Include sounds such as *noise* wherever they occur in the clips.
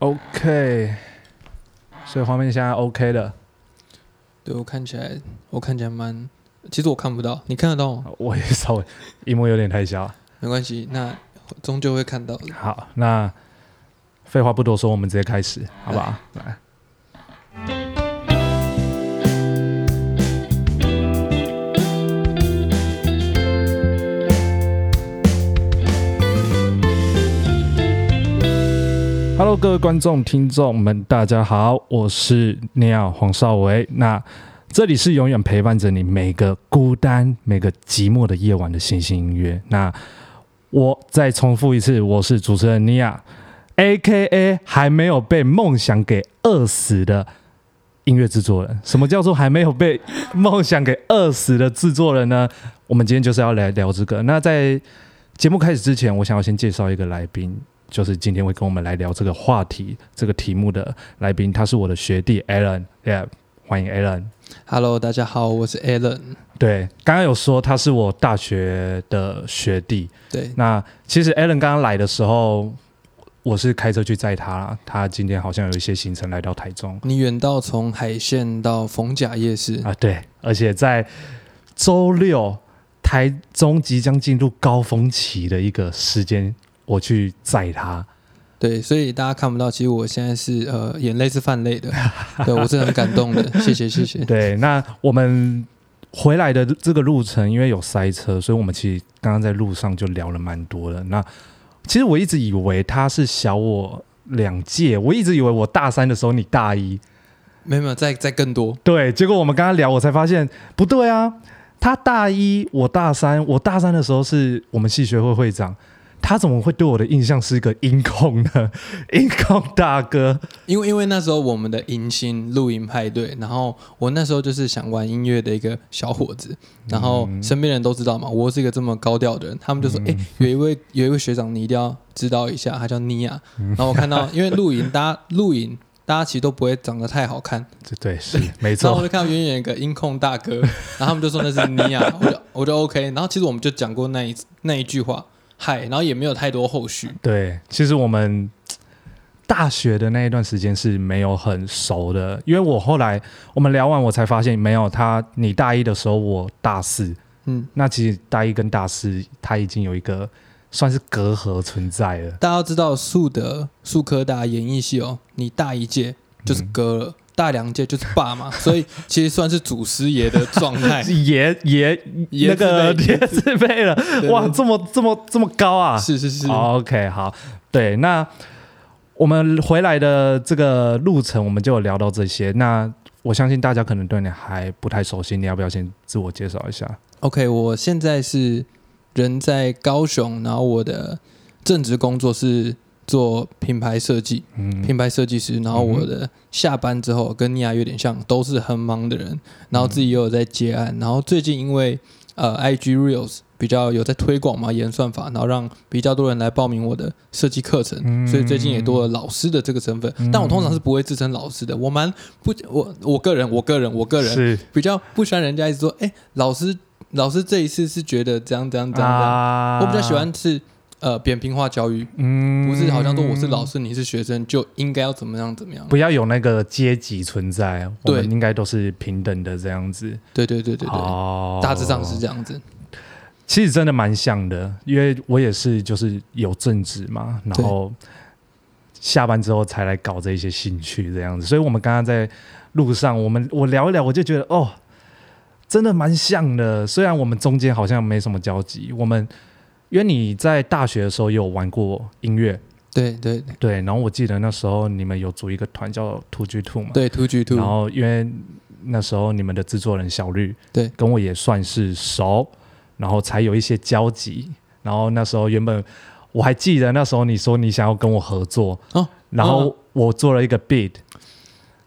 OK，所以畫面現在 OK 了，對，我看起來，我看起來蠻，其實我看不到，你看得到嗎？我也稍微，因為有點太小， *laughs* 沒關係，那終究會看到的。好，那廢話不多說，我們直接開始，好不好？啊、來。各位觀眾、聽眾們，大家好，我是尼亞黃少維。那這裡是永遠陪伴着你每個孤單、每個寂寞的夜晚的星星音樂。那我再重複一次，我是主持人尼亞，AKA 還沒有被夢想給餓死的音樂制作人。什麼叫做還沒有被夢想給餓死的制作人呢？我們今天就是要來聊這個。那在節目開始之前，我想要先介紹一個來賓。就是今天會跟我們來聊這個話題、這個題目的來賓，他是我的學弟 Alan 耶，yeah, 歡迎 Alan。Hello，大家好，我是 Alan。對，剛剛有說他是我大學的學弟。對，那其實 Alan 剛剛來的時候，我是開車去載他。他今天好像有一些行程來到台中，你遠到從海線到逢甲夜市啊，對，而且在周六，台中即將進入高峰期的一個時間。我去載他，對，所以大家看不到，其實我現在是呃眼淚是泛淚的，對我是很感動的， *laughs* 謝謝謝謝。對，那我們回來的這個路程，因為有塞車，所以我們其實剛剛在路上就聊了蠻多的。那其實我一直以為他是小我兩屆，我一直以為我大三的時候你大一，沒有沒有，再再更多。對，結果我們剛剛聊，我才發現不對啊，他大一，我大三，我大三的時候是我們系學會會長。他怎麼會對我的印象是一個音控呢？音控大哥，因為因為那時候我們的迎新露營派對，然後我那時候就是想玩音樂的一個小夥子，然後身邊人都知道嘛，我是一個這麼高調的人，他們就說：“哎、嗯欸，有一位有一位學長，你一定要知道一下，他叫妮亞。”然後我看到，因為露營，大家露營，大家其實都不會長得太好看，對是對是沒錯 錯。然後我就看到遠遠一個音控大哥，然後他們就說那是妮亞，我就我就 OK。然後其實我們就講過那一那一句話。嗨，Hi，然後也沒有太多後續。對，其實我們大學的那一段時間是沒有很熟的，因為我後來我們聊完，我才發現沒有他。你大一的時候，我大四，嗯，那其實大一跟大四他已經有一個算是隔閡存在了。大家要知道，樹德，樹科大演藝系哦，你大一屆就是隔了。嗯大梁界就是爸嘛，所以其實算是祖師爺的狀態，是爺爺那個爺是類的，了哇，對對對這麼這麼這麼高啊！是是是，oh，OK，好，對，那我們回來的這個路程，我們就有聊到這些。那我相信大家可能對你還不太熟悉，你要不要先自我介紹一下？OK，我現在是人在高雄，然後我的正職工作是。做品牌設計，品牌設計師。然後我的下班之後跟妮亞有點像，都是很忙的人。然後自己又有在接案。然後最近因為呃，IG Reels 比較有在推廣嘛，演算法，然後讓比較多人來報名我的設計課程。所以最近也多了老師的這個身份。但我通常是不會自稱老師的，我蠻不我我個人我個人我個人，我個人是比較不喜歡人家一直說，哎、欸，老師老師這一次是覺得這樣這樣這樣。這樣啊、我比較喜歡是。呃，扁平化教育，嗯，不是好像說我是老師，你是學生就應該要怎麼樣怎麼樣，不要有那個階級存在，對，我們應該都是平等的這樣子，對對對對對，哦，大致上是這樣子。其實真的蠻像的，因為我也是就是有正職嘛，然後下班之後才來搞這些興趣這樣子，所以我們剛剛在路上，我們我聊一聊，我就覺得哦，真的蠻像的，雖然我們中間好像沒什麼交集，我們。因為你在大學的時候也有玩過音樂，對對對，對，然後我記得那時候你們有組一個團叫 Two G Two 嘛，對 Two G Two，然後因為那時候你們的製作人小綠，對，跟我也算是熟，然後才有一些交集，然後那時候原本我還記得那時候你說你想要跟我合作，哦，然後我做了一個 beat。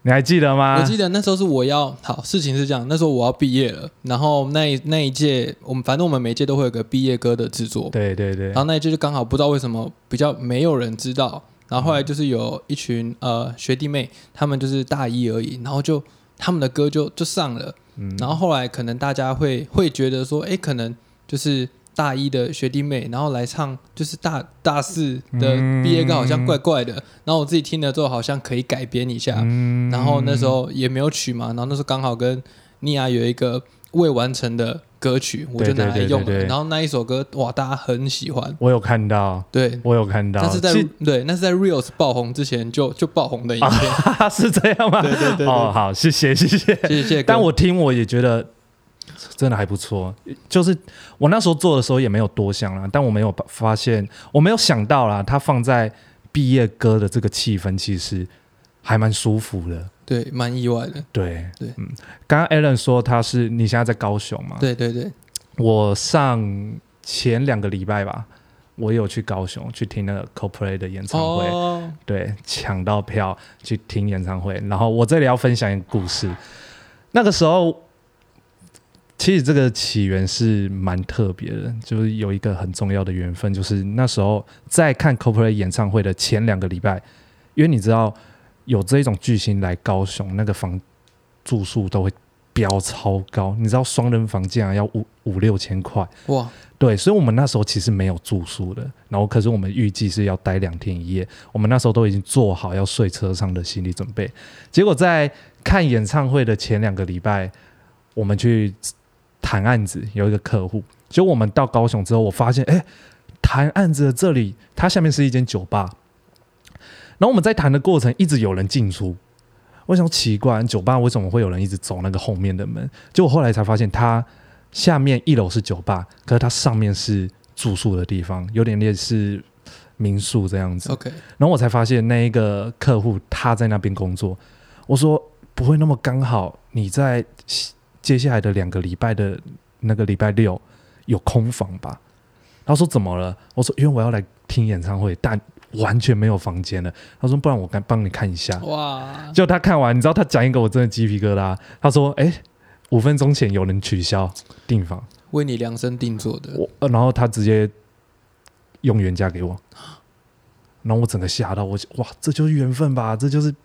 你還記得嗎？我記得那時候是我要，好，事情是這樣，那時候我要畢業了，然後那那一屆我們反正我們每一屆都會有個畢業歌的制作，對對對。然後那一屆就剛好不知道為什麼比較沒有人知道，然後後來就是有一群、嗯、呃學弟妹，他們就是大一而已，然後就他們的歌就就上了，嗯、然後後來可能大家會會覺得說，誒、欸，可能就是。大一的學弟妹，然後來唱，就是大大四的畢業歌，好像怪怪的。然後我自己聽了之後，好像可以改編一下。嗯，然後那時候也沒有曲嘛，然後那時候剛好跟尼亞有一個未完成的歌曲，我就拿來用了。對對對對，然後那一首歌，哇，大家很喜歡。我有看到，對，我有看到。那是在，是，對，那是在 Real 爆紅之前就就爆紅的影片，啊，是這樣嗎？對，對對對。哦，好，謝謝，謝謝，謝謝。但我聽我也覺得。真的還不錯，就是我那時候做的時候也沒有多想啦，但我沒有發現，我沒有想到啦，他放在畢業歌的這個氣氛其實還蠻舒服的，對，蠻意外的，對對，對嗯，剛剛 Alan 說他是你現在在高雄嗎？對對對，我上前兩個禮拜吧，我有去高雄去聽那個 Co Play 的演唱會，哦、對，搶到票去聽演唱會，然後我這裡要分享一個故事，啊、那個時候。其實這個起源是蠻特別的，就是有一個很重要的緣分，就是那時候在看 Coldplay 演唱會的前兩個禮拜，因為你知道有這種巨星來高雄，那個房住宿都會飆超高，你知道雙人房間啊要五五六千塊哇！對，所以我們那時候其實沒有住宿的，然後可是我們預計是要待兩天一夜，我們那時候都已經做好要睡車上的心理準備，結果在看演唱會的前兩個禮拜，我們去。談案子有一個客戶，就我們到高雄之後，我發現哎，談、欸、案子的這裡，它下面是一間酒吧。然後我們在談的過程，一直有人進出。我想奇怪，酒吧為什麼會有人一直走那個後面的門？結果後來才發現，它下面一樓是酒吧，可是它上面是住宿的地方，有點類似民宿這樣子。OK。然後我才發現那一個客戶他在那邊工作。我說不會那麼剛好，你在，接下來的兩個禮拜的那個禮拜六有空房吧？他說怎麼了？我說因為我要來聽演唱會，但完全沒有房間了。他說不然我該幫你看一下。哇！就他看完，你知道他講一個我真的雞皮疙瘩、啊。他說哎、欸，五分鐘前有人取消訂房，為你量身定做的。我、呃，然後他直接用原價給我，然後我整個嚇到我。哇，這就是緣分吧？這就是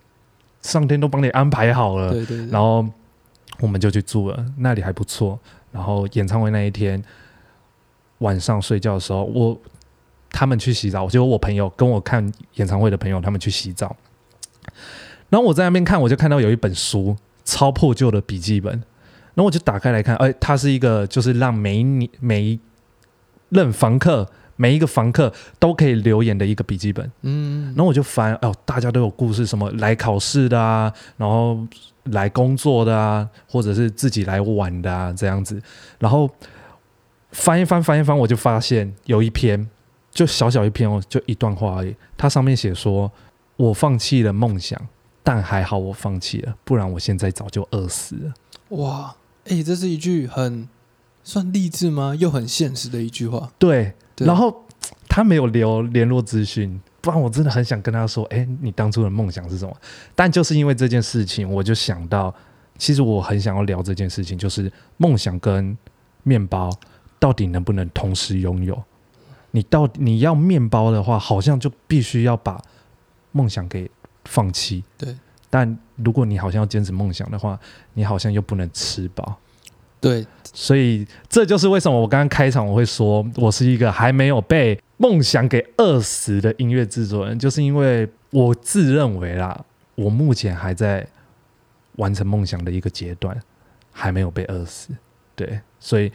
上天都幫你安排好了。對，對對，然後。我們就去住了，那裡還不錯。然後演唱會那一天晚上睡覺的時候，我他們去洗澡，就有我朋友跟我看演唱會的朋友他們去洗澡。然後我在那邊看，我就看到有一本書，超破舊的筆記本。然後我就打開來看，哎，它是一個就是讓每每一任房客每一個房客都可以留言的一個筆記本。嗯。然後我就翻哦，大家都有故事，什麼來考試的啊，然後。來工作的啊，或者是自己來玩的啊，這樣子。然後翻一翻，翻一翻，翻，我就發現有一篇，就小小一篇哦，就一段話而已。它上面寫說：“我放棄了夢想，但還好我放棄了，不然我現在早就餓死了。”哇，誒，這是一句很算勵志嗎？又很現實的一句話。對，對，然後他沒有留聯絡資訊。不然我真的很想跟他說：“欸，你當初的夢想是什麼？”但就是因為這件事情，我就想到，其實我很想要聊這件事情，就是夢想跟面包到底能不能同時擁有？你到你要面包的話，好像就必須要把夢想給放棄。對，但如果你好像要堅持夢想的話，你好像又不能吃飽。對，所以這就是為什麼我剛剛開場我會說，我是一個還沒有被夢想給餓死的音樂製作人，就是因為我自認為啦，我目前還在完成夢想的一個階段，還沒有被餓死。對，所以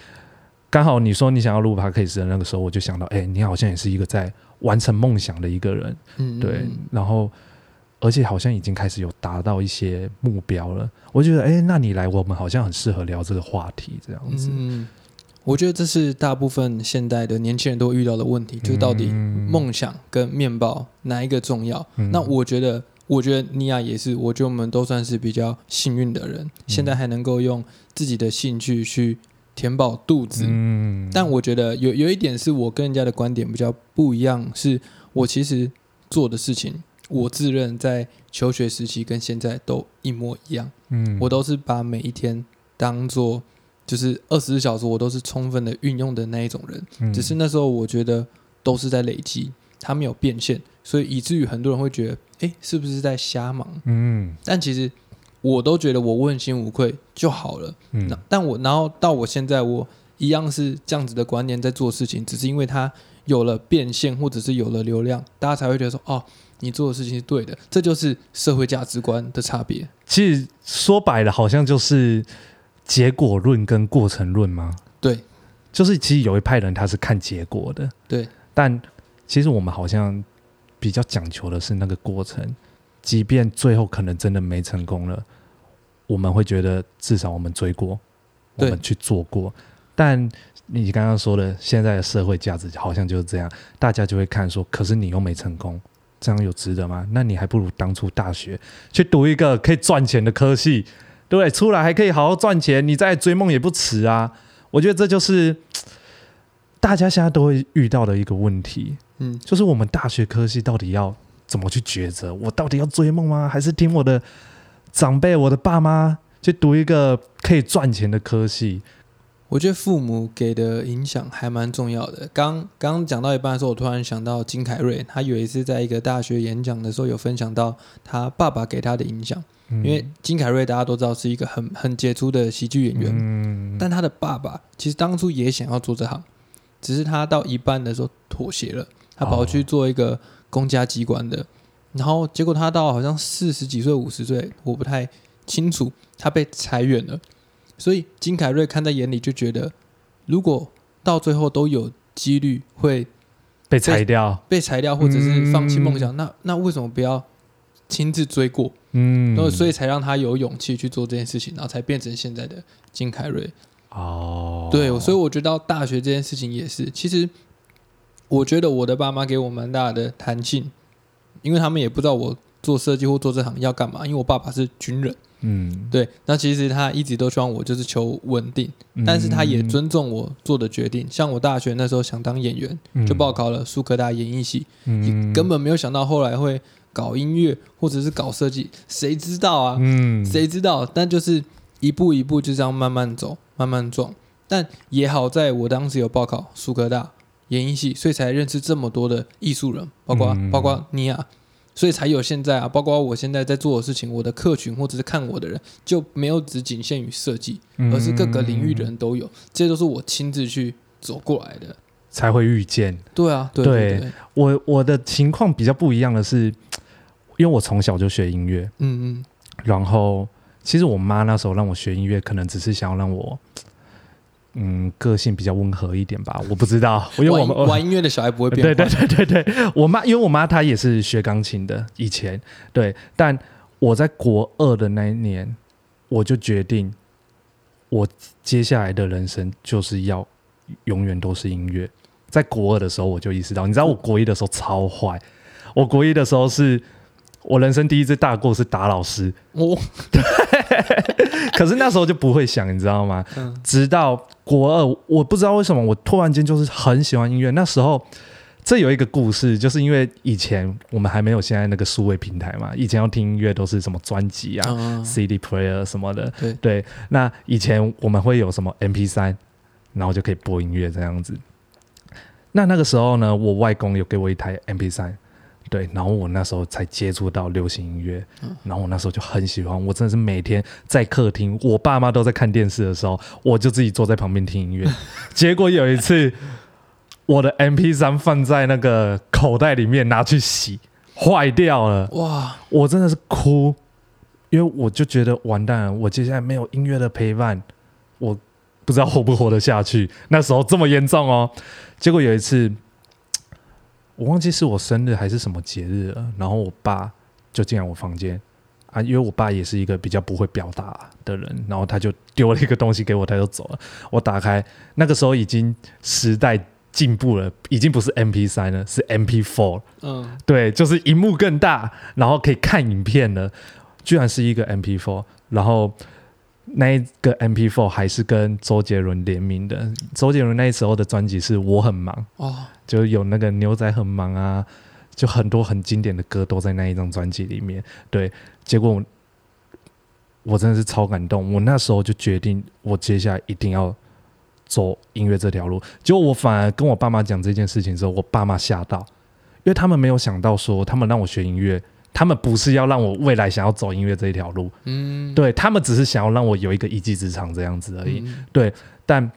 剛好你說你想要錄 podcast 的那個時候，我就想到，哎，你好像也是一個在完成夢想的一個人。嗯，嗯，對，然後。而且好像已經開始有達到一些目標了，我覺得，哎，那你來，我們好像很適合聊這個話題，這樣子。嗯，我覺得這是大部分現代的年輕人都遇到的問題，就到底夢想跟麵包哪一個重要？嗯，那我覺得，我覺得尼亞也是，我覺得我們都算是比較幸運的人，嗯，現在還能夠用自己的興趣去填飽肚子。嗯，但我覺得有有一點是我跟人家的觀點比較不一樣，是我其實做的事情。我自認在求學時期跟現在都一模一樣，嗯，我都是把每一天當做就是二十四小時，我都是充分的運用的那一種人。嗯、只是那時候我覺得都是在累積，他沒有變現，所以以至於很多人會覺得，哎、欸，是不是在瞎忙？嗯，但其實我都覺得我問心無愧就好了。嗯、但我然後到我現在，我一樣是這樣子的觀念在做事情，只是因為他有了變現或者是有了流量，大家才會覺得說，哦。你做的事情是對的，這就是社會價值觀的差別。其實說白了，好像就是結果論跟過程論嘛。對，就是其實有一派人他是看結果的。對，但其實我們好像比較講求的是那個過程，即便最後可能真的沒成功了，我們會覺得至少我們追過，我們去做過。對，但你剛剛說的現在的社會價值好像就是這樣，大家就會看說，可是你又沒成功。這樣有值得嗎？那你還不如當初大學去讀一個可以賺錢的科系，對不對？出來還可以好好賺錢，你再追夢也不遲啊！我覺得這就是大家現在都會遇到的一個問題，嗯，就是我們大學科系到底要怎麼去抉擇？我到底要追夢嗎？還是聽我的長輩、我的爸媽去讀一個可以賺錢的科系？我覺得父母給的影響還蠻重要的。剛剛講到一半的時候，我突然想到金凱瑞，他有一次在一個大學演講的時候，有分享到他爸爸給他的影響。嗯、因為金凱瑞大家都知道是一個很很傑出的喜劇演員，嗯、但他的爸爸其實當初也想要做這行，只是他到一半的時候妥協了，他跑去做一個公家機關的，哦、然後結果他到好像四十幾歲、五十歲，我不太清楚，他被裁員了。所以金凱瑞看在眼裡，就覺得如果到最後都有幾率會被，被裁掉，被裁掉或者是放棄夢想，嗯、那那為什麼不要親自追過？嗯，所以才讓他有勇氣去做這件事情，然後才變成現在的金凱瑞。哦，對，所以我覺得大學這件事情也是，其實我覺得我的爸媽給我蠻大的彈性，因為他們也不知道我做設計或做這行要幹嘛，因為我爸爸是軍人。嗯，對，那其實他一直都希望我就是求穩定，但是他也尊重我做的決定。嗯、像我大學那時候想當演員，就報考了蘇科大演藝系，嗯、根本沒有想到後來會搞音樂或者是搞設計，誰知道啊？嗯，誰知道？但就是一步一步就這樣慢慢走，慢慢撞。但也好在我當時有報考蘇科大演藝系，所以才認識這麼多的藝術人，包括、嗯、包括你、啊。所以才有現在啊，包括我現在在做的事情，我的客群或者是看我的人就沒有只僅限於設計，而是各個領域的人都有，這些都是我親自去走過來的，才會遇見。對啊，對，對，對，對，我我的情況比較不一樣的是，因為我從小就學音樂，嗯嗯，然後其實我媽那時候讓我學音樂，可能只是想要讓我。嗯，個性比較溫和一點吧，我不知道，因為我們玩，玩音樂的小孩不會變壞。對對對對對，我媽因為我媽她也是學鋼琴的，以前對，但我在國二的那一年，我就決定，我接下來的人生就是要永遠都是音樂。在國二的時候，我就意識到，你知道，我國一的時候超壞，我國一的時候是我人生第一次大過是打老師。我 *laughs* 可是那時候就不會想，你知道嗎？嗯、直到國二，我不知道為什麼，我突然間就是很喜歡音樂。那時候，這有一個故事，就是因為以前我們還沒有現在那個數位平台嘛，以前要聽音樂都是什麼專輯啊、哦、CD player 什麼的。對，對，那以前我們會有什麼 MP3，然後就可以播音樂這樣子。那那個時候呢，我外公有給我一台 MP3。對，然後我那時候才接觸到流行音樂，然後我那時候就很喜歡，我真的是每天在客廳，我爸媽都在看電視的時候，我就自己坐在旁邊聽音樂。 *laughs* 結果有一次，我的 MP3 放在那個口袋裡面拿去洗，壞掉了。哇，我真的是哭，因為我就覺得完蛋了，我接下來沒有音樂的陪伴，我不知道活不活得下去。那時候這麼嚴重哦。結果有一次。我忘記是我生日還是什麼節日了，然後我爸就進來我房間啊，因為我爸也是一個比較不會表達的人，然後他就丟了一個東西給我，他就走了。我打開那個時候已經時代進步了，已經不是 MP3 了，是 MP4。嗯，對，就是熒幕更大，然後可以看影片了。居然是一個 MP4，然後那一個 MP4 還是跟周杰倫聯名的。周杰倫那時候的專輯是我很忙哦。就有那個牛仔很忙啊，就很多很經典的歌都在那一張專輯裡面。對，結果我，我真的是超感動。我那時候就決定，我接下來一定要走音樂這條路。結果我反而跟我爸媽講這件事情的時候，我爸媽嚇到，因為他們沒有想到說，他們讓我學音樂，他們不是要讓我未來想要走音樂這一條路。嗯對，對他們只是想要讓我有一個一技之長這樣子而已。嗯、對，但。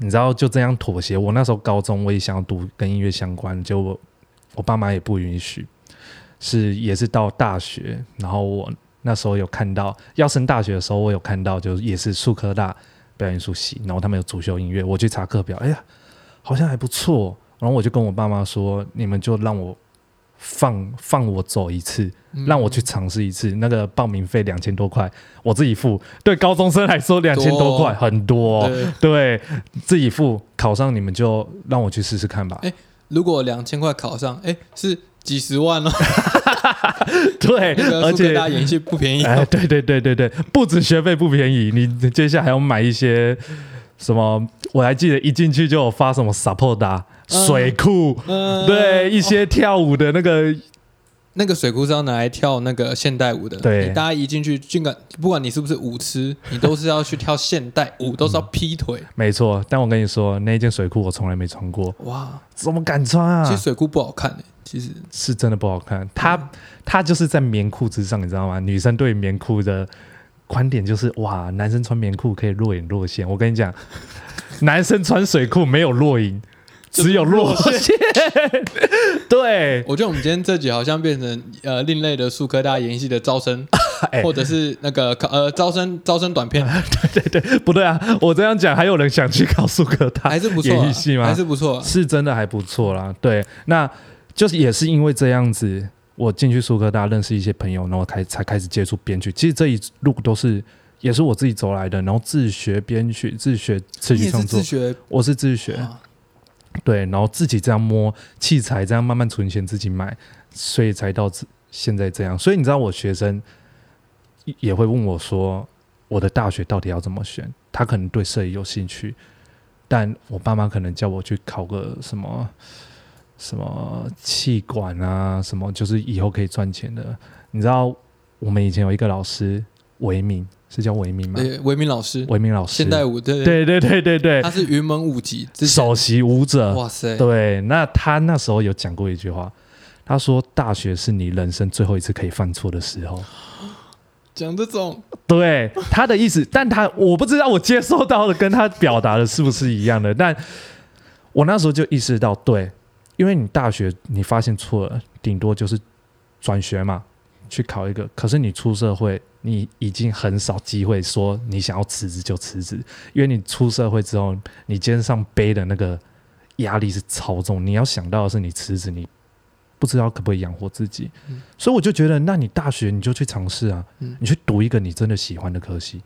你知道就這樣妥協？我那時候高中我也想要讀跟音樂相關，就我，我爸媽也不允許。是也是到大學，然後我那時候有看到要升大學的時候，我有看到就是也是樹科大表演藝術系，然後他們有主修音樂，我去查課表，哎呀，好像還不錯。然後我就跟我爸媽說：“你們就讓我。”放放我走一次，讓我去嘗試一次。嗯、那個報名費兩千多塊，我自己付。對高中生來說2000，兩千多塊很多，對，對，對，對，對自己付。考上你們就讓我去試試看吧。欸、如果兩千塊考上、欸，是幾十萬了、哦。 *laughs* *laughs* 對，而且大家演戲不便宜、哦。哎，對、欸、對對對對，不止學費不便宜，你接下來還要買一些。什麼？我還記得一進去就有發什麼“ support 啊，水褲、對一些跳舞的那個、哦、那個水褲是要拿來跳那個現代舞的。對，大家一進去，儘管不管你是不是舞痴，你都是要去跳現代舞， *laughs* 嗯、都是要劈腿。嗯、沒錯，但我跟你說，那一件水褲我從來沒穿過。哇，怎麼敢穿啊？其實水褲不好看、欸，其實是真的不好看。它，嗯、它就是在棉褲之上，你知道嗎？女生對棉褲的觀點就是哇，男生穿棉褲可以若隱若現。我跟你講，男生穿水褲沒有若隱，只有若現，若現 *laughs* 對，我覺得我們今天這集好像變成呃，另類的蘇科大演藝系的招生，哎、或者是那個考呃招生招生短片、啊。對對對，不對啊？我這樣講還有人想去考蘇科大演藝系嗎還、啊？還是不錯、啊，是真的還不錯啦。對，那就是也是因為這樣子。我進去蘇科大認識一些朋友，然後開才，才開始接觸編劇。其實這一路都是也是我自己走來的，然後自學編劇，自學自己學創作。是自學，我是自學，哇對，然後自己這樣摸器材，這樣慢慢存錢自己買，所以才到現在這樣。所以你知道，我學生也會問我說，我的大學到底要怎麼選？他可能對攝影有興趣，但我爸媽可能叫我去考個什麼什麼氣管啊，什麼就是以後可以賺錢的。你知道我們以前有一個老師維明，是叫維明嗎？對、欸，維明老師，維明老師，現代舞，對對對對對對，他是雲門舞集首席舞者。哇塞，對，那他那時候有講過一句話，他說：“大學是你人生最後一次可以犯錯的時候。”講這種，對，他的意思，但他我不知道我接收到的跟他表達的是不是一樣的， *laughs* 但我那時候就意識到，對。因為你大學你發現錯了，頂多就是轉學嘛，去考一個。可是你出社會，你已經很少機會說你想要辭職就辭職，因為你出社會之後，你肩上背的那個壓力是超重。你要想到的是，你辭職你不知道可不可以養活自己。嗯。所以我就覺得，那你大學你就去嘗試啊，你去讀一個你真的喜歡的科系，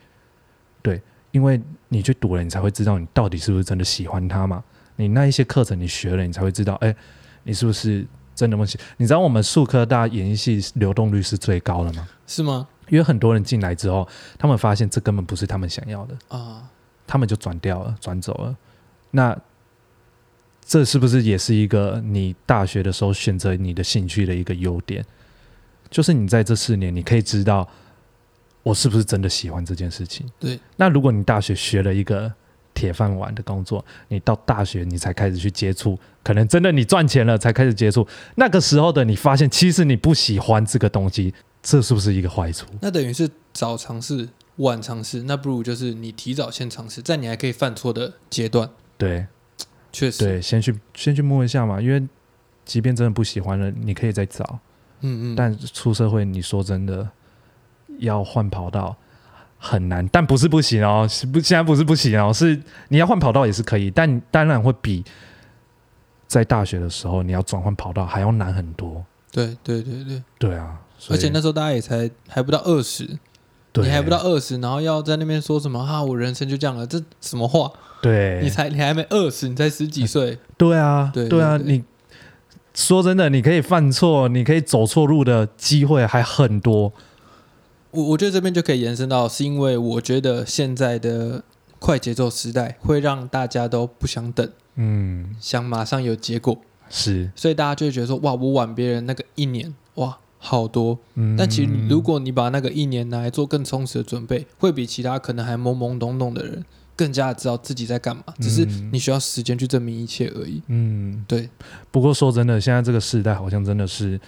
對，因為你去讀了，你才會知道你到底是不是真的喜歡它嘛。你那一些課程你學了，你才會知道，哎、欸，你是不是真的不行？你知道我們樹科大演藝系流動率是最高的嗎？是嗎？因為很多人進來之後，他們發現這根本不是他們想要的啊，他們就轉掉了，轉走了。那這是不是也是一個你大學的時候選擇你的興趣的一個優點？就是你在這四年，你可以知道我是不是真的喜歡這件事情。對。那如果你大學學了一個鐵飯碗的工作，你到大學你才開始去接觸，可能真的你賺錢了才開始接觸。那個時候的你發現，其實你不喜歡這個東西，這是不是一個壞處？那等於是早嘗試，晚嘗試，那不如就是你提早先嘗試，在你還可以犯錯的階段。對，確實，對，先去先去摸一下嘛，因為即便真的不喜歡了，你可以再找。嗯嗯。但出社會，你說真的要換跑道。很難，但不是不行哦。不，現在不是不行哦，是你要換跑道也是可以，但當然會比在大學的時候你要轉換跑道還要難很多。對，對，對，對，對啊！而且那時候大家也才還不到二十對，你還不到二十，然後要在那邊說什麼哈、啊，我人生就這樣了？這什麼話？對你才，你還沒二十，你才十幾歲、欸。對啊，對,對,對,對，對啊！你說真的，你可以犯錯，你可以走錯路的機會還很多。我我覺得這邊就可以延伸到，是因為我覺得現在的快節奏時代會讓大家都不想等，嗯，想馬上有結果，是，所以大家就會覺得說，哇，我晚別人那個一年，哇，好多。嗯，但其實如果你把那個一年拿來做更充實的準備，會比其他可能還懵懵懂懂的人更加知道自己在幹嘛，只是你需要時間去證明一切而已。嗯，對。不過說真的，現在這個時代好像真的是。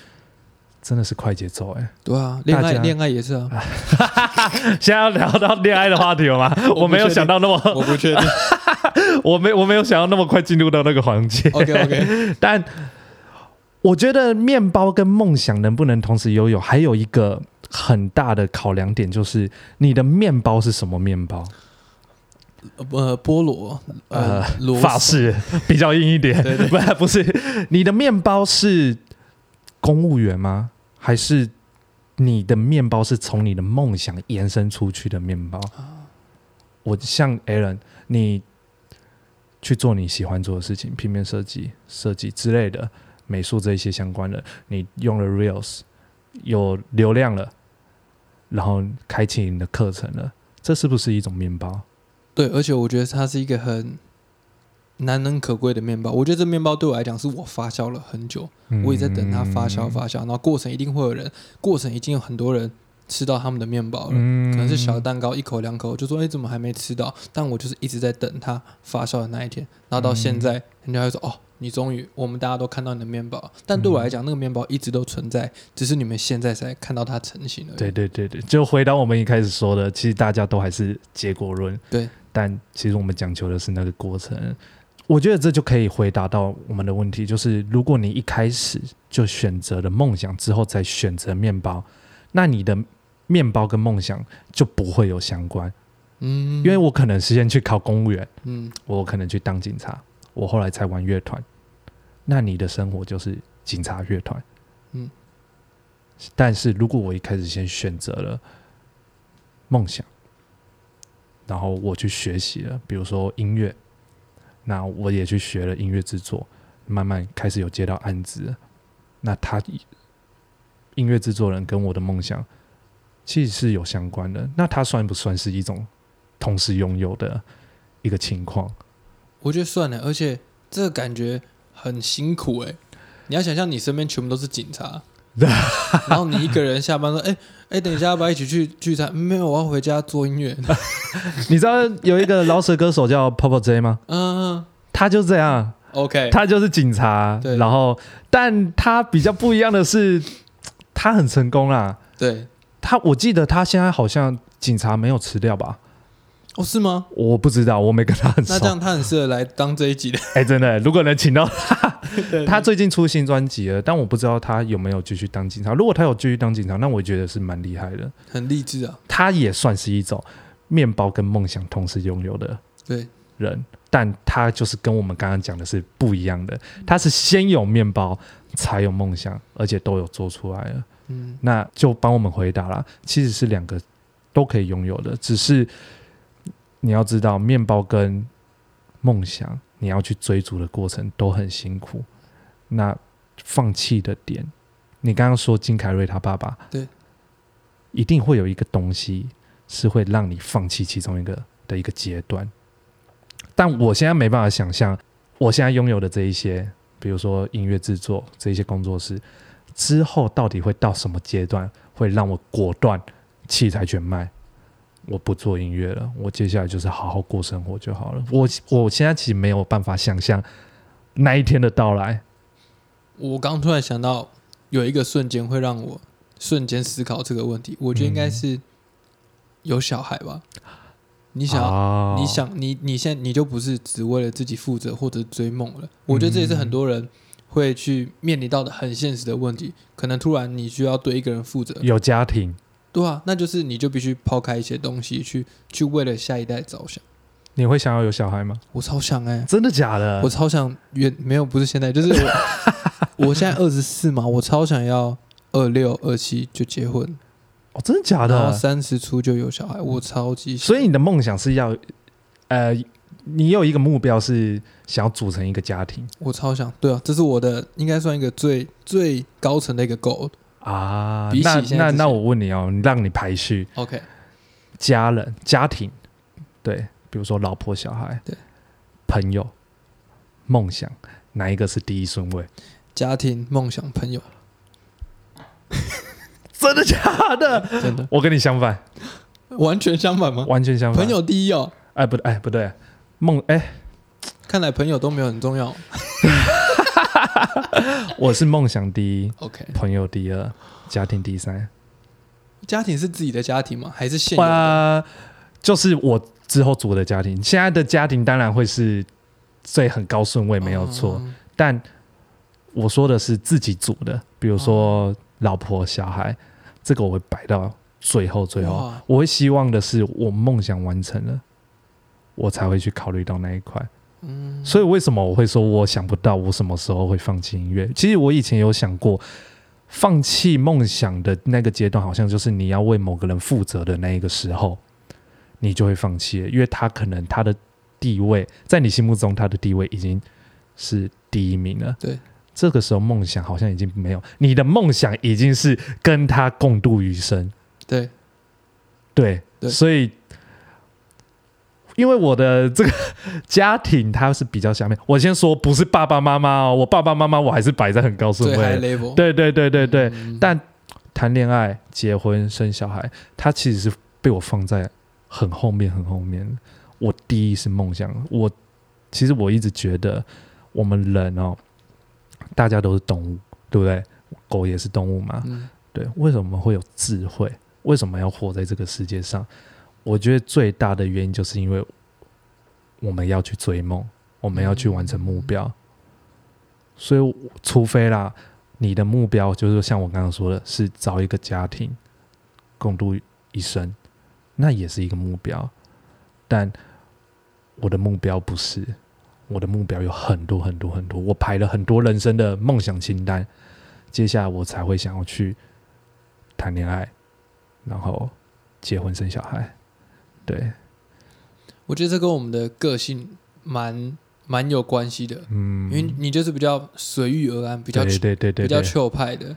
真的是快節奏哎，欸，對啊，戀愛戀家愛，愛也是啊。 *laughs* 現在要聊到戀愛的話題了嗎？我沒有想到那麼，我不確定。我沒我沒有想到那麼快進入到那個環節。OK OK，但我覺得麵包跟夢想能不能同時擁有，還有一個很大的考量點，就是你的麵包是什麼麵包呃？呃，菠蘿呃，法式 *laughs* 比較硬一點。不，對 *laughs* 不是你的麵包是。公務員嗎？還是你的面包是從你的夢想延伸出去的面包？我像 Alan，你去做你喜歡做的事情，平面設計、設計之類的美術這一些相關的，你用了 Reels，有流量了，然後開啟你的課程了，這是不是一種麵包？對，而且我覺得它是一個很。難能可貴的面包，我覺得這面包對我來講是我發酵了很久，嗯、我也在等它發酵發酵。然後過程一定會有人，過程已經有很多人吃到他們的面包了，嗯、可能是小蛋糕一口兩口就說：“你、欸、怎麼還沒吃到？”但我就是一直在等它發酵的那一天。然後到現在，嗯、人家就說：“哦，你終於，我們大家都看到你的面包。”但對我來講，嗯、那個麵包一直都存在，只是你們現在才看到它成型了。對對對對，就回到我們一開始說的，其實大家都還是結果論。對，但其實我們講求的是那個過程。嗯我覺得這就可以回答到我們的問題，就是如果你一開始就選擇了夢想之後再選擇麵包，那你的麵包跟夢想就不會有相關。嗯，因為我可能事先去考公務員，嗯，我可能去當警察，我後來才玩樂團。那你的生活就是警察樂團，嗯。但是如果我一開始先選擇了夢想，然後我去學習了，比如說音樂。那我也去學了音樂製作，慢慢開始有接到案子。那他音樂製作人跟我的夢想其實是有相關的，那他算不算是一種同時擁有的一個情況？我覺得算了，而且這個感覺很辛苦哎、欸！你要想象你身邊全部都是警察， *laughs* 然後你一個人下班說：“哎哎、 *laughs* 欸欸，等一下，要不要一起去聚餐、嗯？”沒有，我要回家做音樂。 *laughs* 你知道有一個饒舌歌手叫泡泡 J 嗎？ *laughs* 嗯。他就這樣，OK，他就是警察。對然後，但他比較不一樣的是， *laughs* 他很成功啦。對，他我記得他現在好像警察沒有辭掉吧？哦，是嗎？我不知道，我沒跟他很熟。那這樣他很適合來當這一集的。哎，真的， *laughs* 如果能請到他，他最近出新專輯了，但我不知道他有沒有繼續當警察。如果他有繼續當警察，那我覺得是蠻厲害的，很勵志啊。他也算是一種麵包跟夢想同時擁有的人。對。但他就是跟我們剛剛講的是不一樣的，他是先有麵包才有夢想，而且都有做出來了。嗯，那就幫我們回答了，其實是兩個都可以擁有的，只是你要知道，麵包跟夢想你要去追逐的過程都很辛苦。那放棄的點，你剛剛說金凱瑞他爸爸，對，一定會有一個東西是會讓你放棄其中一個的一個階段。但我現在沒辦法想象，我現在擁有的這一些，比如說音樂製作這一些工作室，之後到底會到什麼階段，會讓我果斷器材全賣，我不做音樂了，我接下來就是好好過生活就好了。我我現在其實沒有辦法想象那一天的到來。我剛突然想到，有一個瞬間會讓我瞬間思考這個問題，我覺得應該是有小孩吧。嗯你想，oh. 你想，你想，你你現在你就不是只為了自己負責或者追夢了。我覺得這也是很多人會去面臨到的很現實的問題。可能突然你需要對一個人負責，有家庭，對啊，那就是你就必須拋開一些東西去，去去為了下一代着想。你會想要有小孩嗎？我超想哎，真的假的？我超想，原沒有不是現在，就是我， *laughs* 我現在二十四嘛，我超想要二六二七就結婚。哦，真的假的？我三十出就有小孩，我超級想。所以你的夢想是要，呃，你有一個目標是想要組成一個家庭，我超想。對啊，這是我的，應該算一個最最高層的一個 goal 啊。那那那，那那我問你哦，讓你排序，OK？家人、家庭，對，比如說老婆、小孩，對，朋友、夢想，哪一個是第一順位？家庭、夢想、朋友。 *laughs* 真的假的？真的，我跟你相反，完全相反嗎？完全相反。朋友第一哦，哎、欸、不，哎、欸、不對，夢哎，欸、看來朋友都沒有很重要。 *laughs* *laughs* 我是夢想第一，OK，朋友第二，家庭第三。家庭是自己的家庭嗎？還是現？啊，就是我之後組的家庭。現在的家庭當然會是最很高順位，沒有錯。哦、但我說的是自己組的，比如說老婆、小孩。這個我會擺到最後，最後我會希望的是，我夢想完成了，我才會去考慮到那一塊。所以為什麼我會說我想不到我什麼時候會放棄音樂？其實我以前有想過，放棄夢想的那個階段，好像就是你要為某個人負責的那一個時候，你就會放棄了，因為他可能他的地位在你心目中，他的地位已經是第一名了。對。這個時候，夢想好像已經沒有。你的夢想已經是跟他共度餘生。對，對，對。所以，因為我的這個家庭，它是比較下面。我先說，不是爸爸媽媽哦，我爸爸媽媽我還是擺在很高順位。對，最高 level。對對對對對。嗯、但談戀愛、結婚、生小孩，它其實是被我放在很後面、很後面。我第一是夢想。我其實我一直覺得，我們人哦。大家都是動物，對不對？狗也是動物嘛，嗯、對？為什麼會有智慧？為什麼要活在這個世界上？我覺得最大的原因就是因為我們要去追夢，我們要去完成目標。嗯、所以，除非啦，你的目標就是像我剛剛說的，是找一個家庭共度一生，那也是一個目標。但我的目標不是。我的目標有很多很多很多，我排了很多人生的夢想清單，接下來我才會想要去談戀愛，然後結婚生小孩。對，我覺得這跟我們的個性蠻蠻有關係的。嗯，因為你就是比較隨遇而安，比較對對對對比較 chill 派的，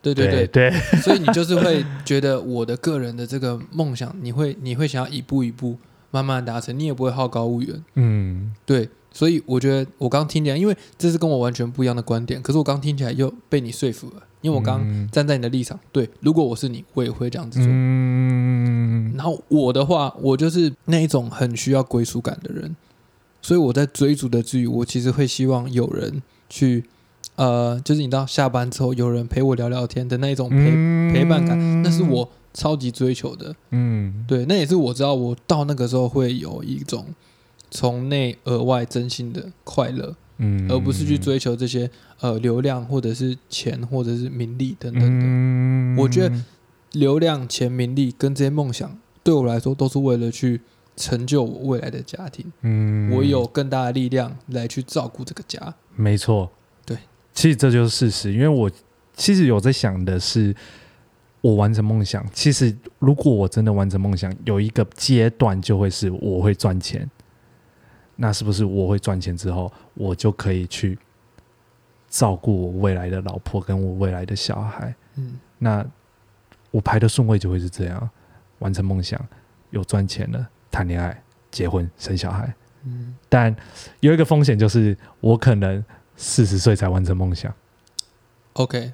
對對對對,對,對。 *laughs* 所以你就是會覺得我的個人的這個夢想，你會你會想要一步一步慢慢達成，你也不會好高騖遠。嗯，對。所以我覺得我剛聽起來，因為這是跟我完全不一樣的觀點，可是我剛聽起來又被你說服了，因為我剛站在你的立場，對，如果我是你，我也會這樣子做。嗯，然後我的話，我就是那一種很需要歸屬感的人，所以我在追逐的之餘，我其實會希望有人去，呃，就是你到下班之後有人陪我聊聊天的那一種陪、嗯、陪伴感，那是我超級追求的。嗯，對，那也是我知道我到那個時候會有一種從內而外真心的快樂，嗯，而不是去追求這些呃流量或者是錢或者是名利等等的。嗯，我覺得流量、錢、名利跟這些夢想對我來說都是為了去成就我未來的家庭。嗯，我有更大的力量來去照顧這個家。沒錯，對，其實這就是事實。因為我其實有在想的是，我完成夢想。其實如果我真的完成夢想，有一個階段就會是我會賺錢。那是不是我會賺錢之後，我就可以去照顧我未來的老婆跟我未來的小孩？嗯，那我排的順位就會是這樣，完成夢想，有賺錢了，談戀愛，結婚，生小孩。嗯，但有一個風險就是，我可能四十歲才完成夢想。OK，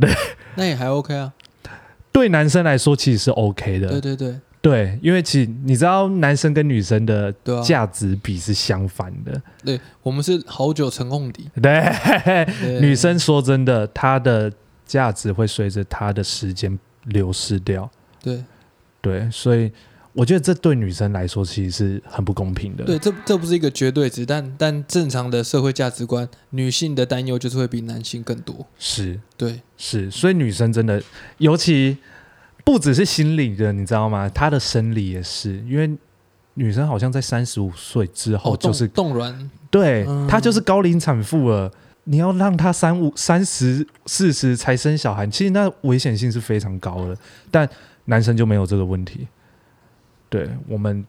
對， *laughs* 那也還 OK 啊。對男生來說，其實是 OK 的。對對對。對，因為其你知道，男生跟女生的價值比是相反的。對，我們是好酒沉甕底。對，女生說真的，她的價值會隨着她的時間流失掉。對，對，所以我覺得這對女生來說其實是很不公平的。對，這這不是一個絕對值，但但正常的社會價值觀，女性的擔憂就是會比男性更多。是，對，是，所以女生真的，尤其。不只是心理的，你知道嗎？她的生理也是，因為女生好像在三十五歲之後就是、哦、動，動人。對她、嗯、就是高齡產婦了。你要讓她三五三十四十才生小孩，其實那危險性是非常高的。但男生就沒有這個問題。對我們，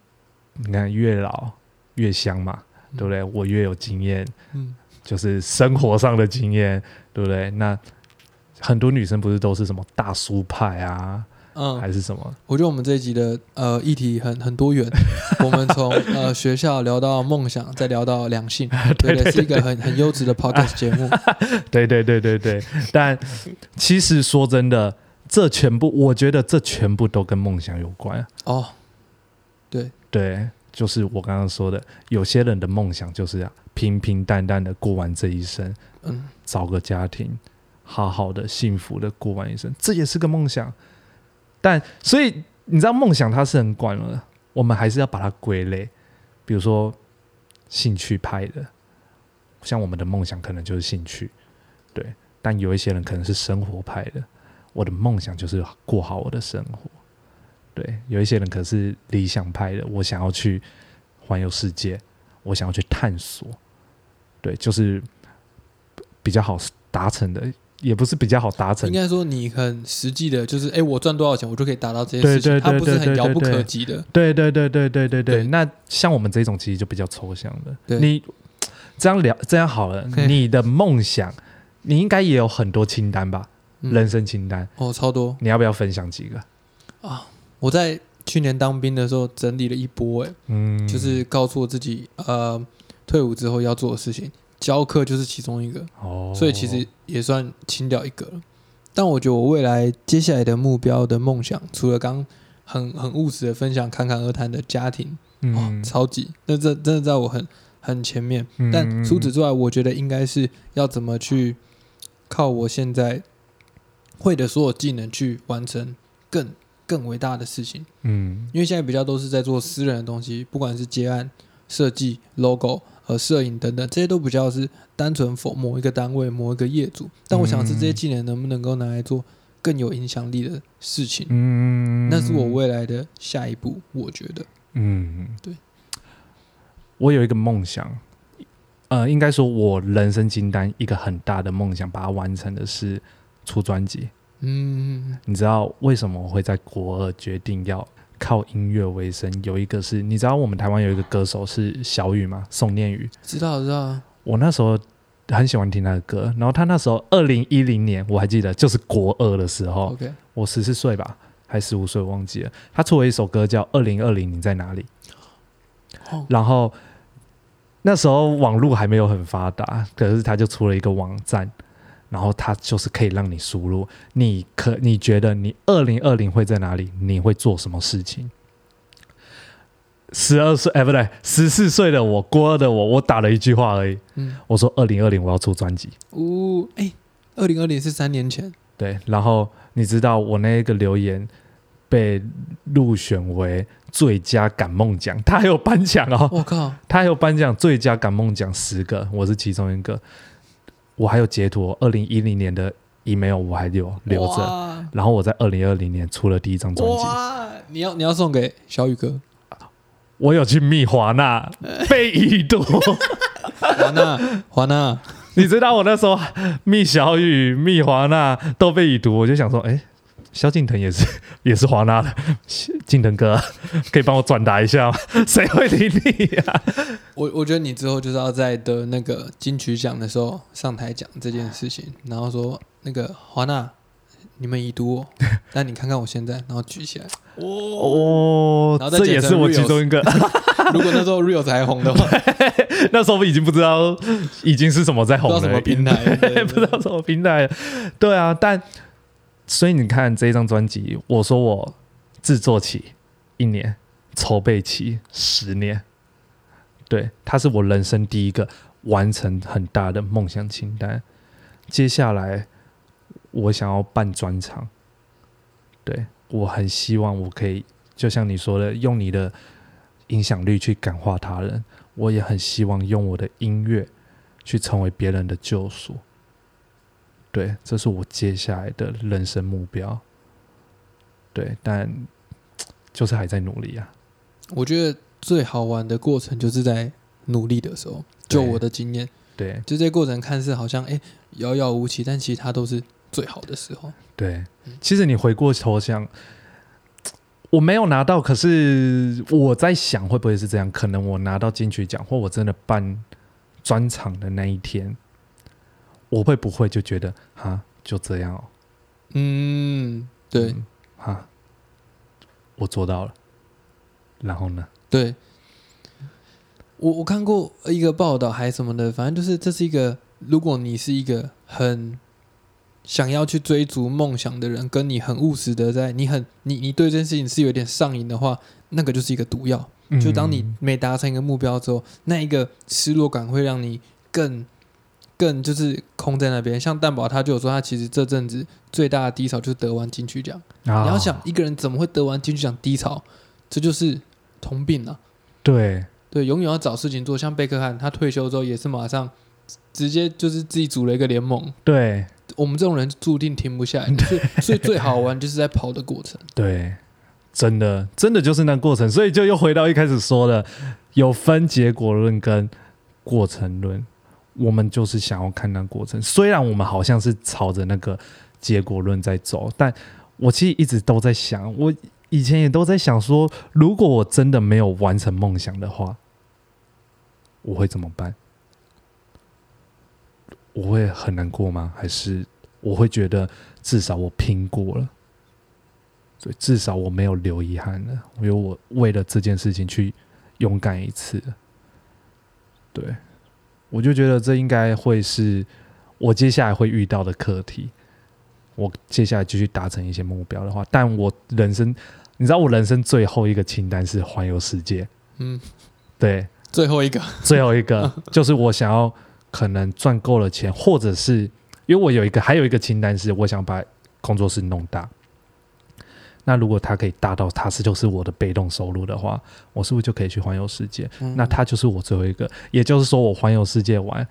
你看越老越香嘛，對不對？我越有經驗，嗯、就是生活上的經驗，對不對？那很多女生不是都是什麼大叔派啊？嗯，還是什麼？我覺得我們這一集的呃議題很很多元， *laughs* 我們從呃學校聊到夢想，再聊到兩性， *laughs* 對，對，是一個很 *laughs* 很優質的 podcast，啊、節目。 *laughs* 對、對對對對對。但其實說真的，這全部我覺得這全部都跟夢想有關，啊、哦。對對，就是我剛剛說的，有些人的夢想就是要，啊、平平淡淡的過完這一生，嗯，找個家庭，好好的幸福的過完一生，這也是個夢想。但所以你知道，夢想它是很廣的，我們還是要把它歸類。比如說，興趣派的，像我們的夢想可能就是興趣，對。但有一些人可能是生活派的，我的夢想就是過好我的生活，對。有一些人可能是理想派的，我想要去環遊世界，我想要去探索，對，就是比較好達成的。也不是比較好達成，應該說你很實際的，就是哎，我賺多少錢，我就可以達到這些事情，它不是很遙不可及的。對對對對對對對。那像我們這種其實就比較抽象了。你這樣了，這樣好了，你的夢想，你應該也有很多清單吧？人生清單哦，超多。你要不要分享幾個啊？我在去年當兵的時候整理了一波，哎，嗯，就是告訴我自己，呃，退伍之後要做的事情。教課就是其中一個，哦、所以其實也算清掉一個。但我覺得我未來接下來的目標的夢想，除了剛很很務實的分享侃侃而談的家庭，哇、嗯哦，超級！那這真的在我很很前面。嗯、但除此之外，我覺得應該是要怎麼去靠我現在會的所有技能去完成更更偉大的事情。嗯，因為現在比較多是在做私人的東西，不管是接案、設計、logo、和攝影等等，這些都比較是單純 for 某一個單位、某一個業主。但我想是這些技能能不能夠拿來做更有影響力的事情？嗯，那是我未來的下一步，我覺得。嗯，對。我有一個夢想，呃，應該說我人生清單一個很大的夢想，把它完成的是出專輯。嗯，你知道為什麼我會在國二決定要？靠音樂為生，有一個是你知道，我們台灣有一個歌手是小宇嗎？宋念宇，知道知道。我那時候很喜歡聽他的歌，然後他那時候二零一零年，我還記得就是國二的時候 Okay. 我十四歲吧，還十五歲，我忘記了。他出了一首歌叫《二零二零你在哪裡》，哦、然後那時候網絡還沒有很發達，可是他就出了一個網站。然後他就是可以讓你輸入，你可你覺得你二零二零會在哪裡？你會做什麼事情？十二歲哎，欸、不對，十四歲的我，國二的我，我打了一句話而已。嗯，我說二零二零我要出專輯。哦，哎，二零二零是三年前。對，然後你知道我那個留言被入選為最佳感夢獎，他還有頒獎哦。我、哦、靠，他還有頒獎最佳感夢獎十個，我是其中一個。我還有截圖，二零一零年的 email 我還有留着哇，然後我在二零二零年出了第一張專輯。你要你要送給小宇哥，我有去密華納被已讀。華納華納，你知道我那時候密小宇、密華納都被已讀，我就想說，哎、欸。蕭敬騰也是，也是華納的。敬騰哥，啊、可以幫我轉達一下嗎？誰會理你呀？啊？我我覺得你之後就是要在得那個金曲獎的時候上台講這件事情，然後說那個華納，你們已讀我，那你看看我現在，然後舉起來。哦哦，然後再 os, 這也是我其中一個。 *laughs* 如果那時候 real 才紅的話，那時候我們已經不知道已經是什麼在紅了。什麼平台？對對對，不知道什麼平台。對啊，但。所以你看這張專輯，我說我制作期一年，籌備期十年，對，它是我人生第一個完成很大的夢想清單。接下來我想要辦專場，對我很希望我可以，就像你說的，用你的影響力去感化他人，我也很希望用我的音樂去成為別人的救贖。對，這是我接下來的人生目標。對，但就是還在努力啊。我覺得最好玩的過程就是在努力的時候。對就我的經驗，對，就這過程看似好像哎遙遙無期，但其實它都是最好的時候。對，其實你回過頭想，嗯、我沒有拿到，可是我在想會不會是這樣？可能我拿到金曲獎，或我真的辦專場的那一天。我會不會就覺得哈就這樣，哦、嗯，對，哈，我做到了。然後呢？對，我我看過一個報道，還什麼的，反正就是這是一個。如果你是一個很想要去追逐夢想的人，跟你很務實的在，在你很你你對這件事情是有點上癮的話，那個就是一個毒藥。嗯、就當你沒達成一個目標之後，那一個失落感會讓你更。更就是空在那邊，像蛋堡他就有說，他其實這陣子最大的低潮就是得完金曲獎。哦、你要想一個人怎麼會得完金曲獎低潮，這就是通病了、啊。對對，永遠要找事情做。像貝克漢他退休之後也是馬上直接就是自己組了一個聯盟。對，我們這種人注定停不下來對所，所以最好玩就是在跑的過程。對，真的真的就是那過程，所以就又回到一開始說的，有分結果論跟過程論。我們就是想要看那過程，雖然我們好像是朝着那個結果論在走，但我其實一直都在想，我以前也都在想說，如果我真的沒有完成夢想的話，我會怎麼辦？我會很難過嗎？還是我會覺得至少我拼過了，對，至少我沒有留遺憾了，因為我為了這件事情去勇敢一次，對。我就覺得這應該會是我接下來會遇到的課題。我接下來繼續達成一些目標的話，但我人生，你知道，我人生最後一個清單是環遊世界。嗯，對，最後一個，最後一個就是我想要可能賺夠了錢，或者是因為我有一個還有一個清單是我想把工作室弄大。那如果他可以大到他是就是我的被動收入的話，我是不是就可以去環遊世界？嗯哼。那他就是我最後一個，也就是說我環遊世界玩，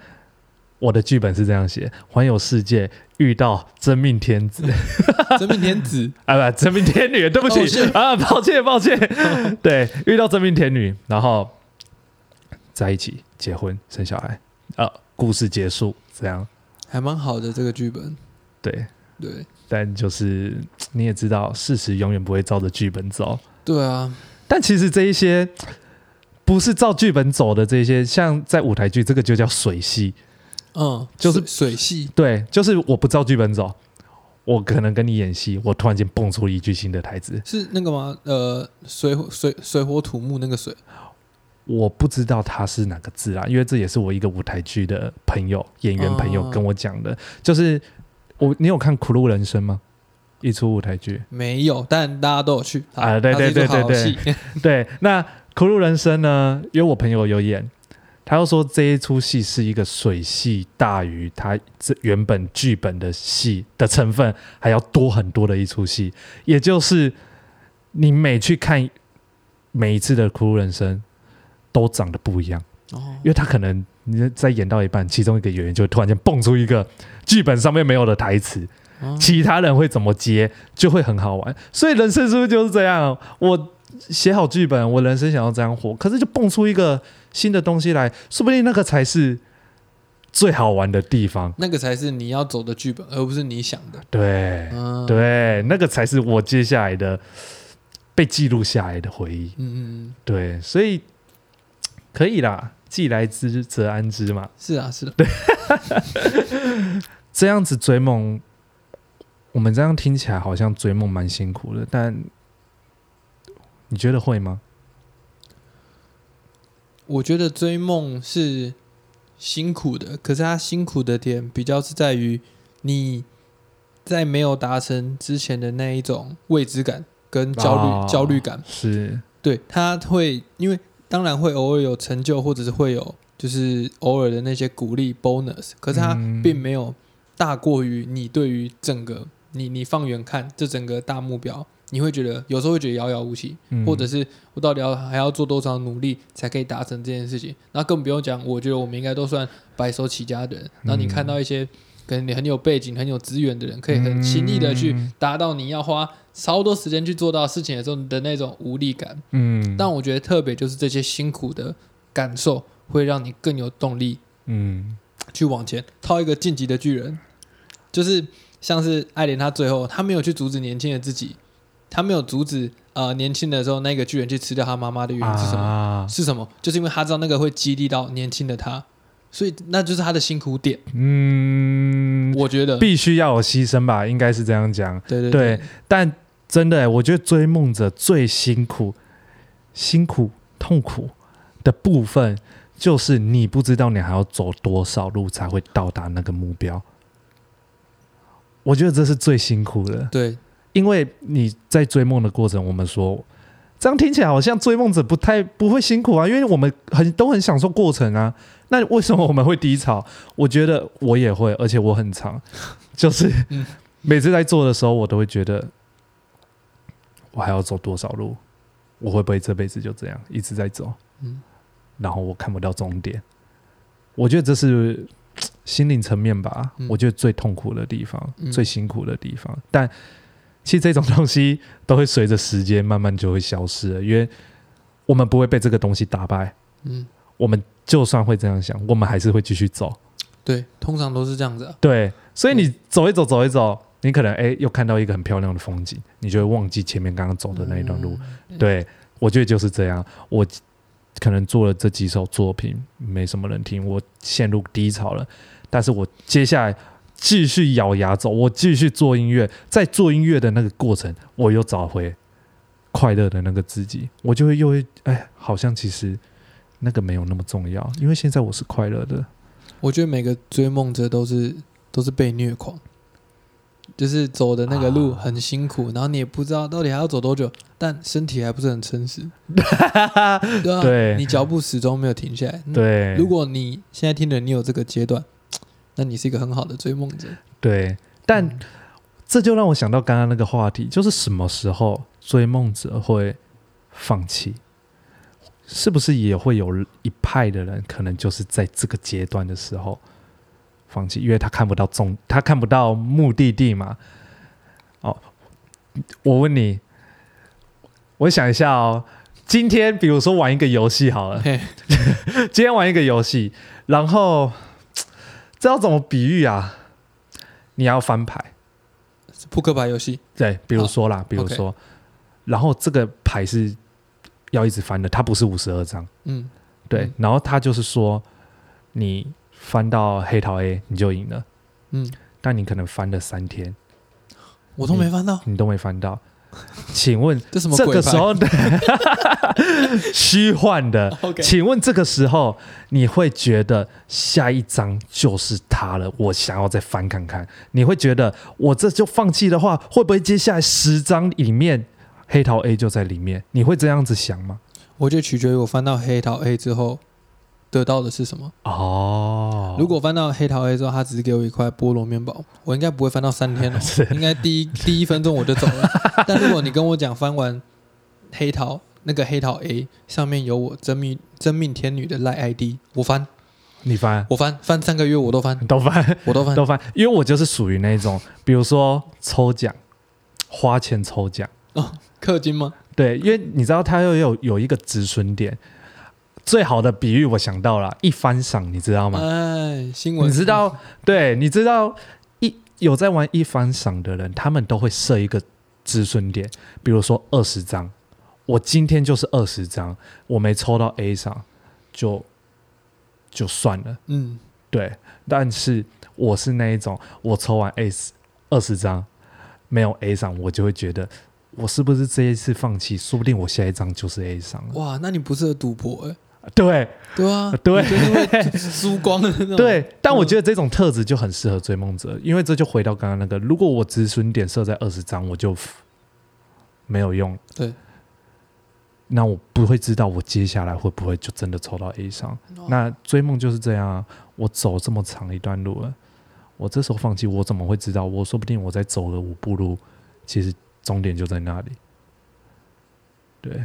我的劇本是這樣寫：環遊世界遇到真命天子， *laughs* 真命天子啊不，真命天女， *laughs* 對不起 *laughs* 啊，抱歉抱歉。 *laughs* 對，遇到真命天女，然後在一起結婚生小孩啊，故事結束這樣，還蠻好的這個劇本。對對。對但就是你也知道，事實永遠不會照着劇本走。對啊，但其實這一些不是照劇本走的這，這些像在舞台劇，這個就叫水戲。嗯，就是水戲。對，就是我不照劇本走，我可能跟你演戲，我突然間蹦出了一句新的台詞，是那個嗎？呃，水水水火土木那個水，我不知道它是哪個字啊，因為這也是我一個舞台劇的朋友，演員朋友跟我講的，嗯，就是。我你有看《苦路人生》嗎？一出舞台劇？沒有，但大家都有去啊！對對對對對好好對。那《苦路人生》呢？因為我朋友有演，他又說這一出戲是一個水戲大於他這原本劇本的戲的成分還要多很多的一出戲，也就是你每去看每一次的《苦路人生》都長得不一樣哦，因為他可能。你再演到一半，其中一個演員就突然間蹦出一個劇本上面沒有的台詞，啊、其他人會怎麼接，就會很好玩。所以人生是不是就是這樣？我寫好劇本，我人生想要這樣活，可是就蹦出一個新的東西來，說不定那個才是最好玩的地方。那個才是你要走的劇本，而不是你想的。對，啊、對，那個才是我接下來的被記錄下來的回憶。嗯嗯，對，所以可以啦。既來之則安之嘛，是啊，是啊。對， *laughs* 這樣子追夢，我們這樣聽起來好像追夢蠻辛苦的，但你覺得會嗎？我覺得追夢是辛苦的，可是它辛苦的點比較是在於你在沒有達成之前的那一種未知感跟焦慮、哦、焦慮感，是對他會因為。當然會偶爾有成就，或者是會有就是偶爾的那些鼓勵 bonus，可是它並沒有大過於你對於整個你你放遠看這整個大目標，你會覺得有時候會覺得遙遙無期，嗯，或者是我到底要還要做多少努力才可以達成這件事情？那更不用講，我覺得我們應該都算白手起家的人。那你看到一些可能你很有背景、很有資源的人，可以很輕易的去達到你要花。超多時間去做到事情的時候，你的那種無力感，嗯，但我覺得特別就是這些辛苦的感受會讓你更有動力，嗯，去往前。套一個進擊的巨人，就是像是艾連，他最後他沒有去阻止年輕的自己，他沒有阻止啊、呃、年輕的時候那個巨人去吃掉他媽媽的原因是什麼？啊、是什麼？就是因為他知道那個會激勵到年輕的他，所以那就是他的辛苦點。嗯，我覺得必須要有犧牲吧，應該是這樣講。對對對，對但。真的欸，我覺得追夢者最辛苦、辛苦、痛苦的部分，就是你不知道你還要走多少路才會到達那個目標。我覺得這是最辛苦的。對，因為你在追夢的過程，我們說這樣聽起來好像追夢者不太不會辛苦啊，因為我們很都很享受過程啊。那為什麼我們會低潮？我覺得我也會，而且我很常，就是、嗯、每次在做的時候，我都會覺得。我還要走多少路？我會不會這輩子就這樣一直在走？嗯，然後我看不到終點。我覺得這是心靈層面吧。嗯、我覺得最痛苦的地方，嗯、最辛苦的地方。但其實這種東西都會隨着時間慢慢就會消失了，因為我們不會被這個東西打敗。嗯，我們就算會這樣想，我們還是會繼續走。對，通常都是這樣子、啊。對，所以你走一走，走一走。對嗯你可能哎，又看到一個很漂亮的風景，你就會忘記前面剛剛走的那一段路。嗯，對，我覺得就是這樣。我可能做了這幾首作品，沒什麼人聽，我陷入低潮了。但是我接下來繼續咬牙走，我繼續做音樂，在做音樂的那個過程，我又找回快樂的那個自己。我就會又會哎，好像其實那個沒有那麼重要，因為現在我是快樂的。我覺得每個追夢者都是都是被虐狂。就是走的那個路很辛苦，uh, 然後你也不知道到底還要走多久，但身體還不是很誠實， *laughs* *laughs* 對啊，對你腳步始終沒有停下來。對，如果你現在聽着，你有這個階段，那你是一個很好的追夢者。對，對但這就讓我想到剛剛那個話題，就是什麼時候追夢者會放棄？是不是也會有一派的人，可能就是在這個階段的時候？放棄，因為他看不到終，他看不到目的地嘛。哦，我問你，我想一下，哦，今天比如說玩一個遊戲好了，Hey. 今天玩一個遊戲，然後這要怎麼比喻啊？你要翻牌，是撲克牌遊戲，對，比如說啦，好比如說，okay. 然後這個牌是要一直翻的，它不是五十二張，嗯，對，然後他就是說你。翻到黑桃 A 你就贏了，嗯，但你可能翻了三天，我都沒翻到，你都沒翻到，請問這個時候的 *laughs* *laughs* *laughs* 虛幻的，Okay 請問這個時候你會覺得下一張就是他了？我想要再翻看看，你會覺得我這就放棄的話，會不會接下來十張裡面黑桃 A 就在裡面？你會這樣子想嗎？我就取決於我翻到黑桃 A 之後。得到的是什麼？哦，如果翻到黑桃 A 之後，他只是給我一塊菠蘿麵包，我應該不會翻到三天了、哦。是 應該第一是 第一分鐘我就走了。 *laughs* 但如果你跟我講翻完黑桃那個黑桃 A 上面有我真命真命天女的賴 ID，我翻，你翻，我翻翻三個月我都翻，你都翻，我都翻都翻，因為我就是屬於那種，比如說抽獎，花錢抽獎哦，氪金嗎？對，因為你知道它又有有一個止損點。最好的比喻，我想到了一番賞，你知道嗎？哎，新聞，你知道？對，你知道？一有在玩一番賞的人，他們都會設一個止損點，比如說二十張，我今天就是二十張，我沒抽到 A 賞，就就算了。嗯，對。但是我是那一種，我抽完 A 二十張沒有 A 賞，我就會覺得我是不是這一次放棄？說不定我下一張就是 A 賞了哇，那你不適合賭博誒、欸。對，對啊，對，對對，輸光的那種。 *laughs* 對，但我覺得這種特質就很適合追夢者，因為這就回到剛剛那個，如果我止損點設在二十張，我就沒有用。對，那我不會知道我接下來會不會就真的抽到 A 上。哇那追夢就是這樣啊，我走這麼長一段路了，我這時候放棄，我怎麼會知道？我說不定我再走了五步路，其實終點就在那裡。對。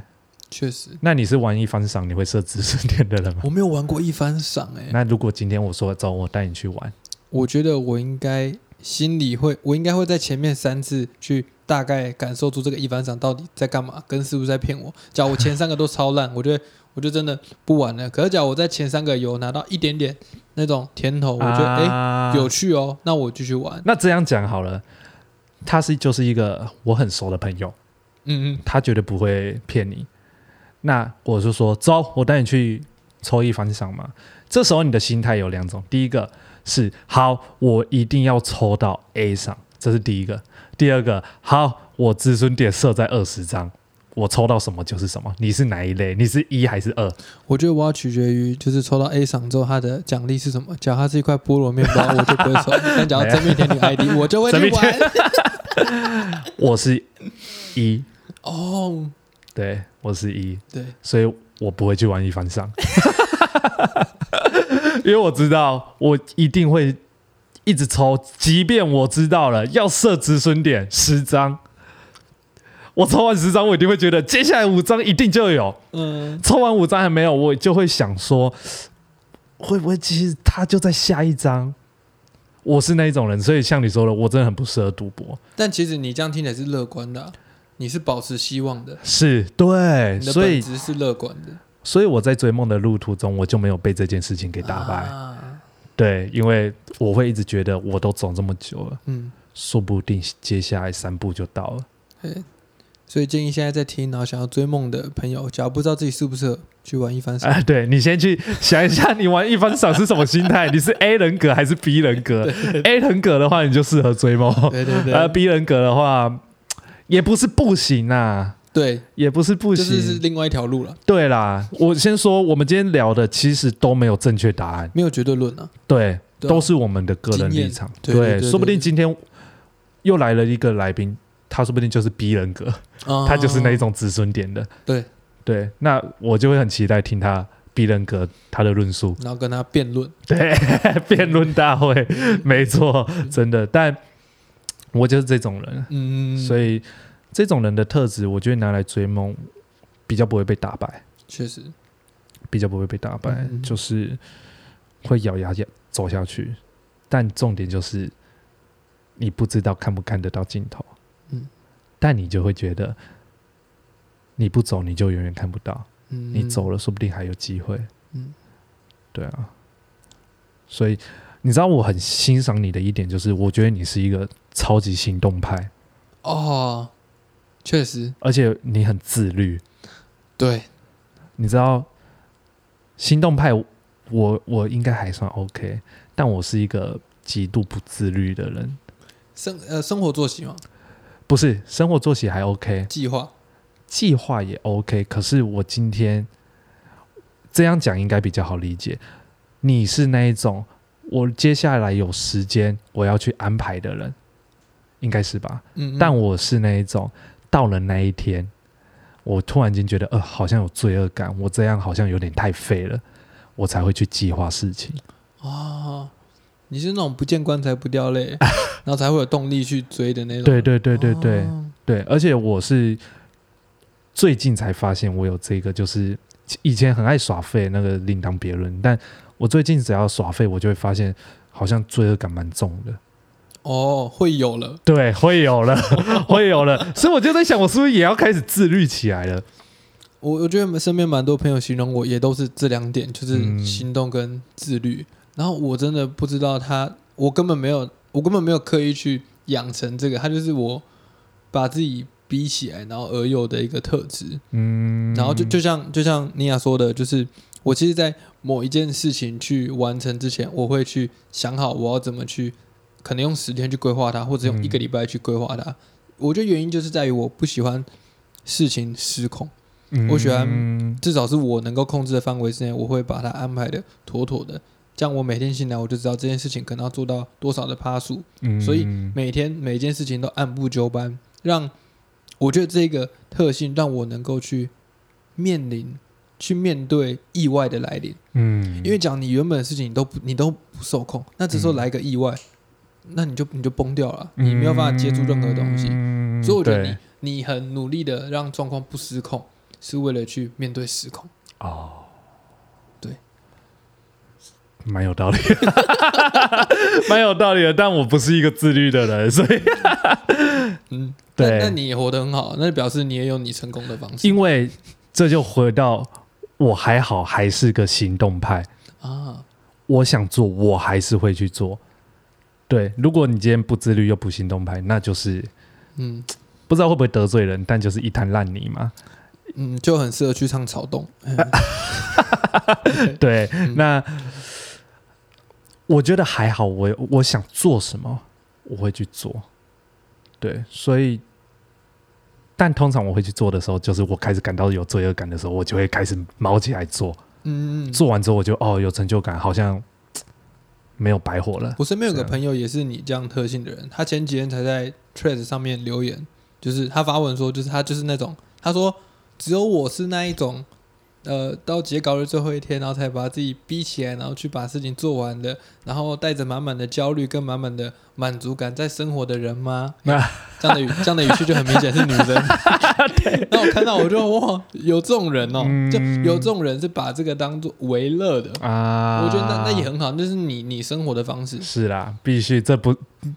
確確實，那你是玩一番賞，你會設置識點的人嗎？我沒有玩過一番賞哎、欸。那如果今天我說找我帶你去玩，我覺得我應該心裡會，我應該會在前面三次去大概感受出這個一番賞到底在幹嘛，跟是不是在騙我。假如我前三個都超爛， *laughs* 我覺得我就真的不玩了。可是假如我在前三個有拿到一點點那種甜頭，我覺得哎有趣哦，那我繼續玩。那這樣講好了，他是就是一個我很熟的朋友，嗯嗯，他絕對不會騙你。那我就說，走，我帶你去抽一番賞嘛。這時候你的心態有兩種：第一個是好，我一定要抽到 A 賞，這是第一個；第二個，好，我止損點設在二十張，我抽到什麼就是什麼。你是哪一類？你是一還是二？我覺得我要取決於就是抽到 A 賞之後，它的獎勵是什麼。假如它是一塊菠蘿麵包， *laughs* 我就不會抽；但假如真命天女 ID， *laughs* 我就會。哈 *laughs* *laughs* 我是一哦。對，我是一。對，所以我不會去玩一番賞， *laughs* 因為我知道我一定會一直抽，即便我知道了要設止損點十張，我抽完十張，我一定會覺得接下來五張一定就有。嗯，抽完五張還沒有，我就會想說，會不會其實他就在下一張？我是那種人，所以像你說的，我真的很不適合賭博。但其實你這樣聽起來是樂觀的啊？你是保持希望的，是對，所以一直是樂觀的，所，所以我在追夢的路途中，我就沒有被這件事情給打敗。啊、對，因為我會一直覺得，我都走這麼久了，嗯，說不定接下來三步就到了。對，所以建議現在在聽，然後想要追夢的朋友，假如不知道自己適不適合去玩一番賞，哎、啊，對，你先去想一下，你玩一番賞是什麼心態？ *laughs* 你是 A 人格還是 B 人格對對對？A 人格的話，你就適合追夢，對對對，而 B 人格的話。也不是不行吶、啊，對，也不是不行，這是，是另外一條路了。對啦，我先說，我們今天聊的其實都沒有正確答案，沒有絕對論呢、啊。對，對啊、都是我們的個人立場。對，說不定今天又來了一個來賓，他說不定就是 B 人格，哦、他就是那一種子孫點的。對對，那我就會很期待聽他 B 人格他的論述，然後跟他辯論，對，辯論大會，嗯、沒錯，真的，但。我就是這種人，嗯、所以這種人的特質，我覺得拿來追夢比較不會被打敗，確實，比較不會被打敗，就是會咬牙咬走下去。但重點就是你不知道看不看得到盡頭，嗯、但你就會覺得你不走你就永遠看不到，嗯嗯，你走了說不定還有機會，嗯、對啊，所以。你知道我很欣賞你的一點，就是我覺得你是一個超級行動派哦，確實，而且你很自律。對，你知道，行動派我，我我應該還算 OK，但我是一個極度不自律的人。生呃，生活作息嗎？不是，生活作息還 OK，計劃計劃也 OK，可是我今天這樣講應該比較好理解，你是那一種。我接下來有時間，我要去安排的人，應該是吧？嗯嗯，但我是那一種，到了那一天，我突然間覺得，呃，好像有罪惡感，我這樣好像有點太廢了，我才會去計劃事情。啊、哦，你是那種不見棺材不掉淚， *laughs* 然後才會有動力去追的那種。 *laughs* 對對對對對、哦、對，而且我是最近才發現我有這個，就是以前很愛耍廢，那個另當別論，但。我最近只要耍廢，我就會發現好像罪惡感蠻重的。哦，會有了，對，會有了， *laughs* 會有了。所以我就在想，我是不是也要開始自律起來了？我我覺得我們身邊蠻多朋友形容我也都是這兩點，就是行動跟自律。嗯、然後我真的不知道他，我根本沒有，我根本沒有刻意去養成這個，他就是我把自己逼起來，然後而有的一個特質。嗯，然後就就像就像尼亞說的，就是。我其實，在某一件事情去完成之前，我會去想好我要怎麼去，可能用十天去規劃它，或者用一個禮拜去規劃它。嗯、我覺得原因就是在於我不喜歡事情失控，嗯、我喜歡至少是我能夠控制的範圍之內，我會把它安排得妥妥的。這樣我每天醒來，我就知道這件事情可能要做到多少的趴數。嗯、所以每天每件事情都按部就班，讓我覺得這個特性讓我能夠去面臨。去面對意外的來臨，嗯，因為講你原本的事情，你都不，你都不受控，那這時候來個意外，嗯、那你就你就崩掉了，你沒有辦法接住任何東西，嗯、所以我覺得你對你很努力的讓狀況不失控，是為了去面對失控哦。對，蠻有道理的， *laughs* *laughs* 蠻有道理的，但我不是一個自律的人，所以， *laughs* 嗯，對但，那你活得很好，那就表示你也有你成功的方式，因為這就回到。我還好，還是個行動派啊！我想做，我還是會去做。對，如果你今天不自律又不行動派，那就是嗯，不知道會不會得罪人，但就是一灘爛泥嘛。嗯，就很適合去唱草東。對，那、嗯、我覺得還好我，我我想做什麼，我會去做。對，所以。但通常我會去做的時候，就是我開始感到有罪惡感的時候，我就會開始卯起來做。嗯，嗯，嗯、做完之後我就哦，有成就感，好像沒有白活了。我身邊有個朋友也是你這樣特性的人，是啊、他前幾天才在 Threads 上面留言，就是他發文說，就是他就是那種，他說只有我是那一種，呃，到截稿日最後一天，然後才把自己逼起來，然後去把事情做完的。然後帶着滿滿的焦慮跟滿滿的滿足感在生活的人嗎？那 這樣的語 *laughs* 這樣的語氣就很明顯是女生。 *laughs* 對 然後我看到，我就哇，有這種人哦，嗯、就有這種人是把這個當做為樂的啊。我覺得那那也很好，那就是你你生活的方式是啦，必須，這不，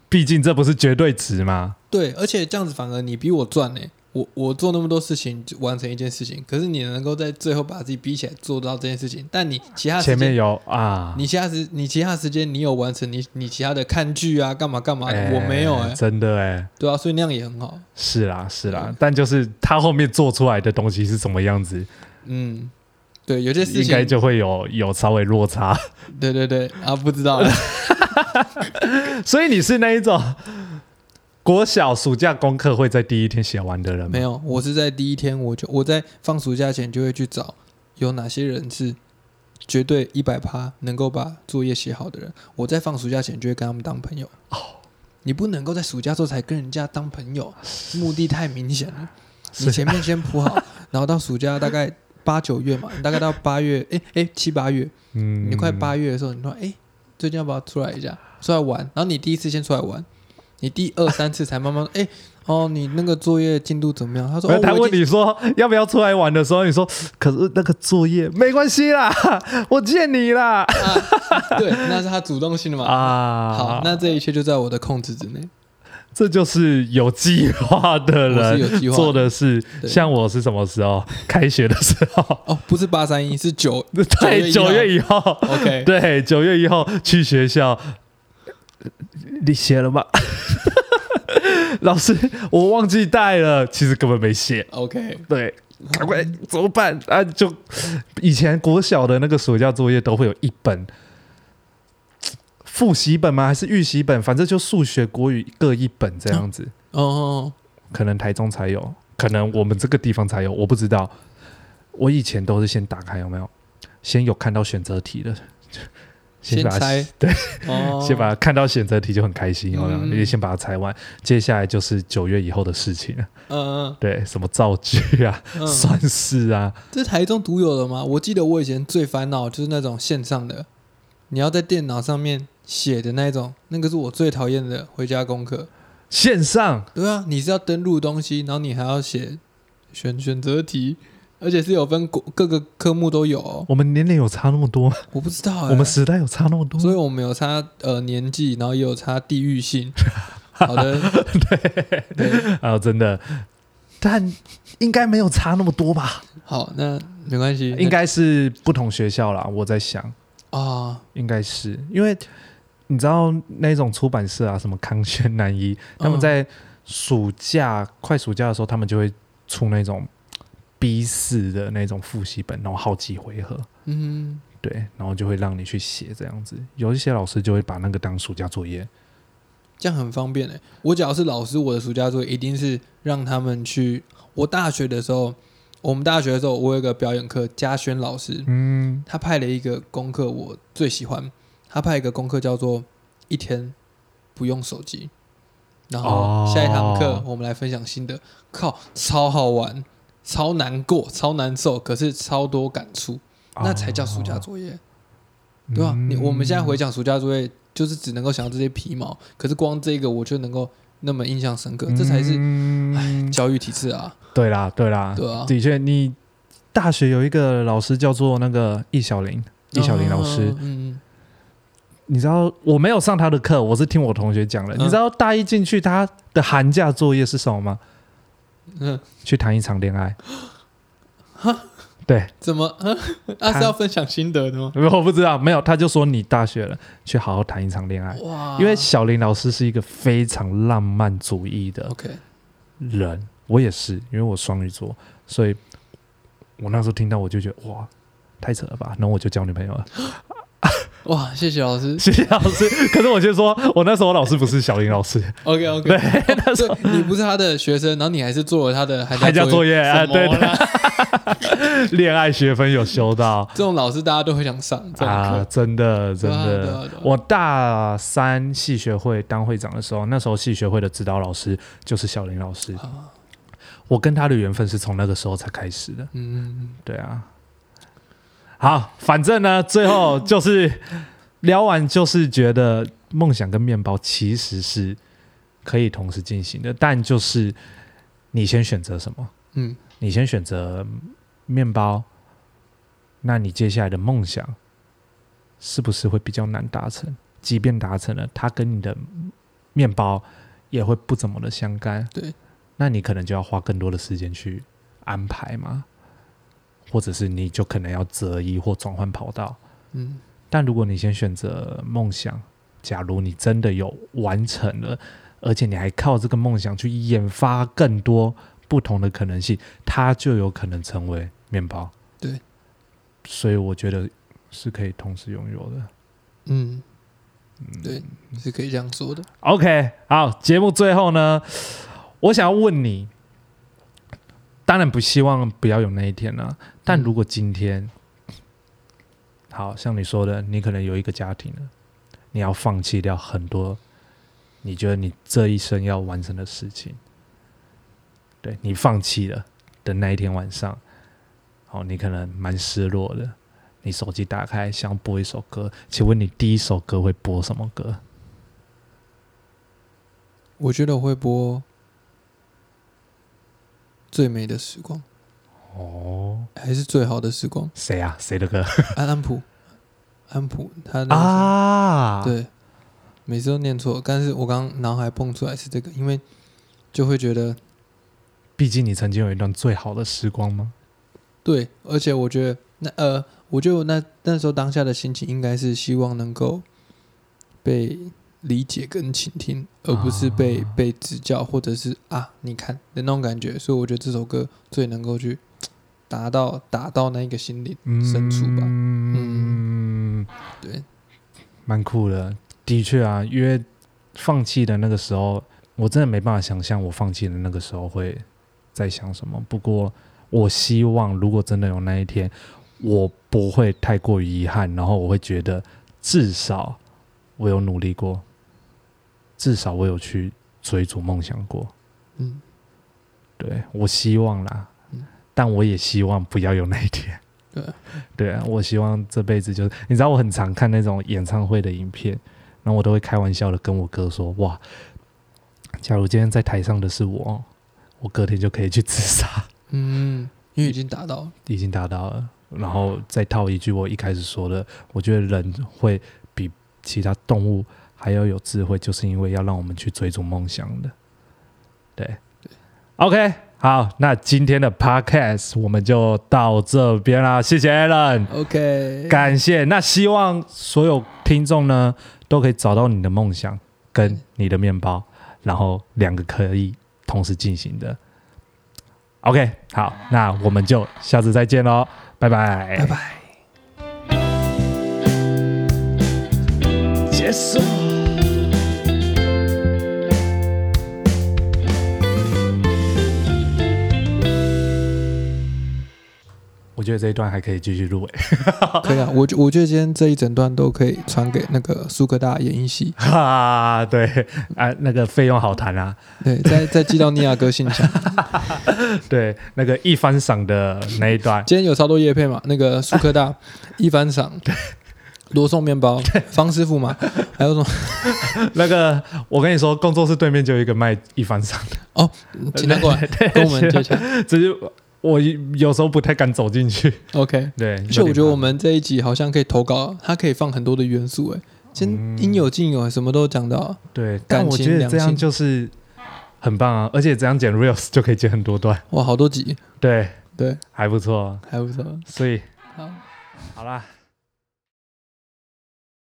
畢竟這不是絕對值嘛。對，而且這樣子反而你比我賺呢、欸。我我做那麼多事情，就完成一件事情。可是你能夠在最後把自己逼起來做到這件事情，但你其他時間前面有啊，你？你其他時你其他時間你有完成你你其他的看劇啊幹嘛幹嘛的？欸、我沒有哎、欸，真的哎、欸，對啊，所以那樣也很好。是啦是啦，是啦對但就是他後面做出來的東西是什麼樣子？嗯，對，有些事情應該就會有有稍微落差。對對對啊，不知道。 *laughs* *laughs* 所以你是那一種？國小暑假功課會在第一天寫完的人？沒有，我是在第一天我就我在放暑假前就會去找有哪些人是絕對一百趴能夠把作業寫好的人。我在放暑假前就會跟他們當朋友。哦，你不能夠在暑假時候才跟人家當朋友，目的太明顯了。啊、你前面先鋪好， *laughs* 然後到暑假大概八九月嘛，你大概到八月，誒、欸、誒，七、欸、八月，嗯，你快八月的時候，你說哎、欸，最近要不要出來一下，出來玩？然後你第一次先出來玩。你第二三次才慢慢說，誒哎，哦，你那個作業進度怎麼樣？他說，他問你說要不要出來玩的時候，你說，可是那個作業沒關係啦，我借你啦。對，那是他主動性的嘛？啊，好，那這一切就在我的控制之內。這就是有計劃的人做的事，像我是什麼時候？開學的時候？哦，不是八三一，是九，九月以後。OK，對，九月以後去學校。你寫了嗎？ *laughs* 老師，我忘記帶了，其實根本沒寫。OK，對，趕快怎麼辦啊？就以前國小的那個暑假作業，都會有一本複習本嗎？還是預習本？反正就數學、國語各一本這樣子。哦，oh. 可能台中才有，可能我們這個地方才有，我不知道。我以前都是先打開，有沒有？先有看到選擇題的。先，先猜對。哦、先把它看到選擇題就很開心，哦、嗯，你先把它猜完，接下來就是九月以後的事情，嗯，對，什麼造句啊，嗯、算式啊，這台中獨有的嗎？我記得我以前最煩惱就是那種線上的，你要在電腦上面寫的那種，那個是我最討厭的回家功課。線上？對啊，你是要登錄東西，然後你還要寫選選，選擇題。而且是有分各各個科目都有。哦、我們年齡有差那麼多，我不知道，欸。我們時代有差那麼多，所以我們有差呃年紀，然後也有差地域性。 *laughs* 好的，對對，然後真的，但應該沒有差那麼多吧？好，那沒關係，應該是不同學校啦。我在想啊，哦，應該是因為你知道那種出版社啊，什麼康軒、南一，他們在暑假，哦、快暑假的時候，他們就會出那種。B 4的那種複習本，然後好幾回合，嗯哼，對，然後就會讓你去寫這樣子。有一些老師就會把那個當暑假作業，這樣很方便的、欸。我只要是老師，我的暑假作業一定是讓他們去。我大學的時候，我們大學的時候，我有一個表演課，嘉軒老師，嗯，他派了一個功課，我最喜歡。他派一個功課叫做一天不用手機，然後下一堂課我們來分享心得。哦、靠，超好玩。超難過，超難受，可是超多感觸，哦、那才叫暑假作業，嗯、對啊，你我們現在回想暑假作業，就是只能夠想到這些皮毛，可是光這個我就能夠那麼印象深刻，嗯、這才是，哎、教育體制啊，對啦，對啦，對啊、的確，你大學有一個老師叫做那個易小林，嗯、易小林老師，嗯，嗯，你知道我沒有上他的課，我是聽我同學講的。嗯、你知道大一進去他的寒假作業是什麼嗎？嗯、去談一場戀愛，蛤對，怎麼？啊、他是要分享心得的嗎？我不知道，沒有，他就說你大學了，去好好談一場戀愛。哇，因為小林老師是一個非常浪漫主義的人，Okay 我也是，因為我雙魚座，所以我那時候聽到我就覺得哇，太扯了吧，那我就交女朋友了。哇，謝謝老師，謝謝老師。可是我先說， *laughs* 我那時候老師不是小林老師。OK，OK Okay, okay.、哦。對，他說你不是他的學生，然後你還是做了他的，寒假作業啊、哎？對。對 *laughs* 戀愛學分有修到。 *laughs* 這種老師大家都會想上啊，真的真的。啊啊啊啊、我大三系學會當會長的時候，那時候系學會的指導老師就是小林老師。啊、我跟他的緣分是從那個時候才開始的。嗯，對啊。好，反正呢，最後就是聊完，就是覺得夢想跟麵包其實是可以同時進行的，但就是你先選擇什麼？嗯，你先選擇麵包，那你接下來的夢想是不是會比較難達成？即便達成了，它跟你的麵包也會不怎麼的相干。對，那你可能就要花更多的時間去安排嗎？或者是你就可能要擇一或轉換跑道，嗯，但如果你先選擇夢想，假如你真的有完成了，而且你還靠這個夢想去研發更多不同的可能性，它就有可能成為麵包，對，所以我覺得是可以同時擁有的，嗯，嗯對，你是可以這樣說的。OK，好，節目最後呢，我想要問你。當然不希望不要有那一天了啊，但如果今天，好像你說的，你可能有一個家庭了，你要放棄掉很多，你覺得你這一生要完成的事情，對，你放棄了的那一天晚上，哦，你可能蠻失落的。你手機打開想播一首歌，請問你第一首歌會播什麼歌？我覺得會播。最美的時光，哦，還是最好的時光。誰啊？誰的歌？安、 *laughs* 啊、安普，安普，他那個啊，對，每次都念錯。但是我剛剛腦海蹦出來是這個，因為就會覺得，畢竟你曾經有一段最好的時光嗎？對，而且我覺得那呃，我就那那時候當下的心情應該是希望能夠被。理解跟傾聽，而不是被被指教，或者是啊，你看的那種感覺。所以我覺得這首歌最能夠去達到達到那個心靈深處吧。嗯,嗯，對，蠻酷的，的確啊，因為放棄的那個時候，我真的沒辦法想象我放棄的那個時候會在想什麼。不過，我希望如果真的有那一天，我不會太過於遺憾，然後我會覺得至少我有努力過。至少我有去追逐夢想過。嗯，嗯，對，我希望啦，嗯、但我也希望不要有那一天，對啊對啊，我希望這輩子就是你知道我很常看那種演唱會的影片，然後我都會開玩笑的跟我哥說哇，假如今天在台上的是我，我隔天就可以去自殺，嗯，因為已經達到已經達到了，然後再套一句我一開始說的，我覺得人會比其他動物還要有智慧，就是因為要讓我們去追逐夢想的，對，OK，好，那今天的 Podcast 我們就到這邊啦，謝謝 Alan，OK，感謝，那希望所有聽眾呢都可以找到你的夢想跟你的麵包，然後兩個可以同時進行的，OK，好，那我們就下次再見嘍，拜拜，拜拜 bye，結束。我覺得這一段還可以繼續入圍誒， *laughs* 可以啊！我我我覺得今天這一整段都可以傳給那個蘇科大演藝系，啊，對啊，那個費用好談啊。對，再再寄到尼亞哥信箱。 *laughs* 對，那個一番賞的那一段，今天有超多業配嘛。那個蘇科大、啊、一番賞，對，羅宋麵包，對方師傅嘛，對還有什麼？ *laughs* 那個我跟你說，工作室對面就有一個賣一番賞的哦，請他過來跟我們直接。我有時候不太敢走進去。OK，對。所以我覺得我們這一集好像可以投稿，它可以放很多的元素，哎，真應有盡有，嗯、什麼都講到。對，感情，但我覺得這樣就是很棒啊，而且這樣剪 reels 就可以剪很多段。哇，好多集。對對，對還不錯，還不錯。所以好，好啦。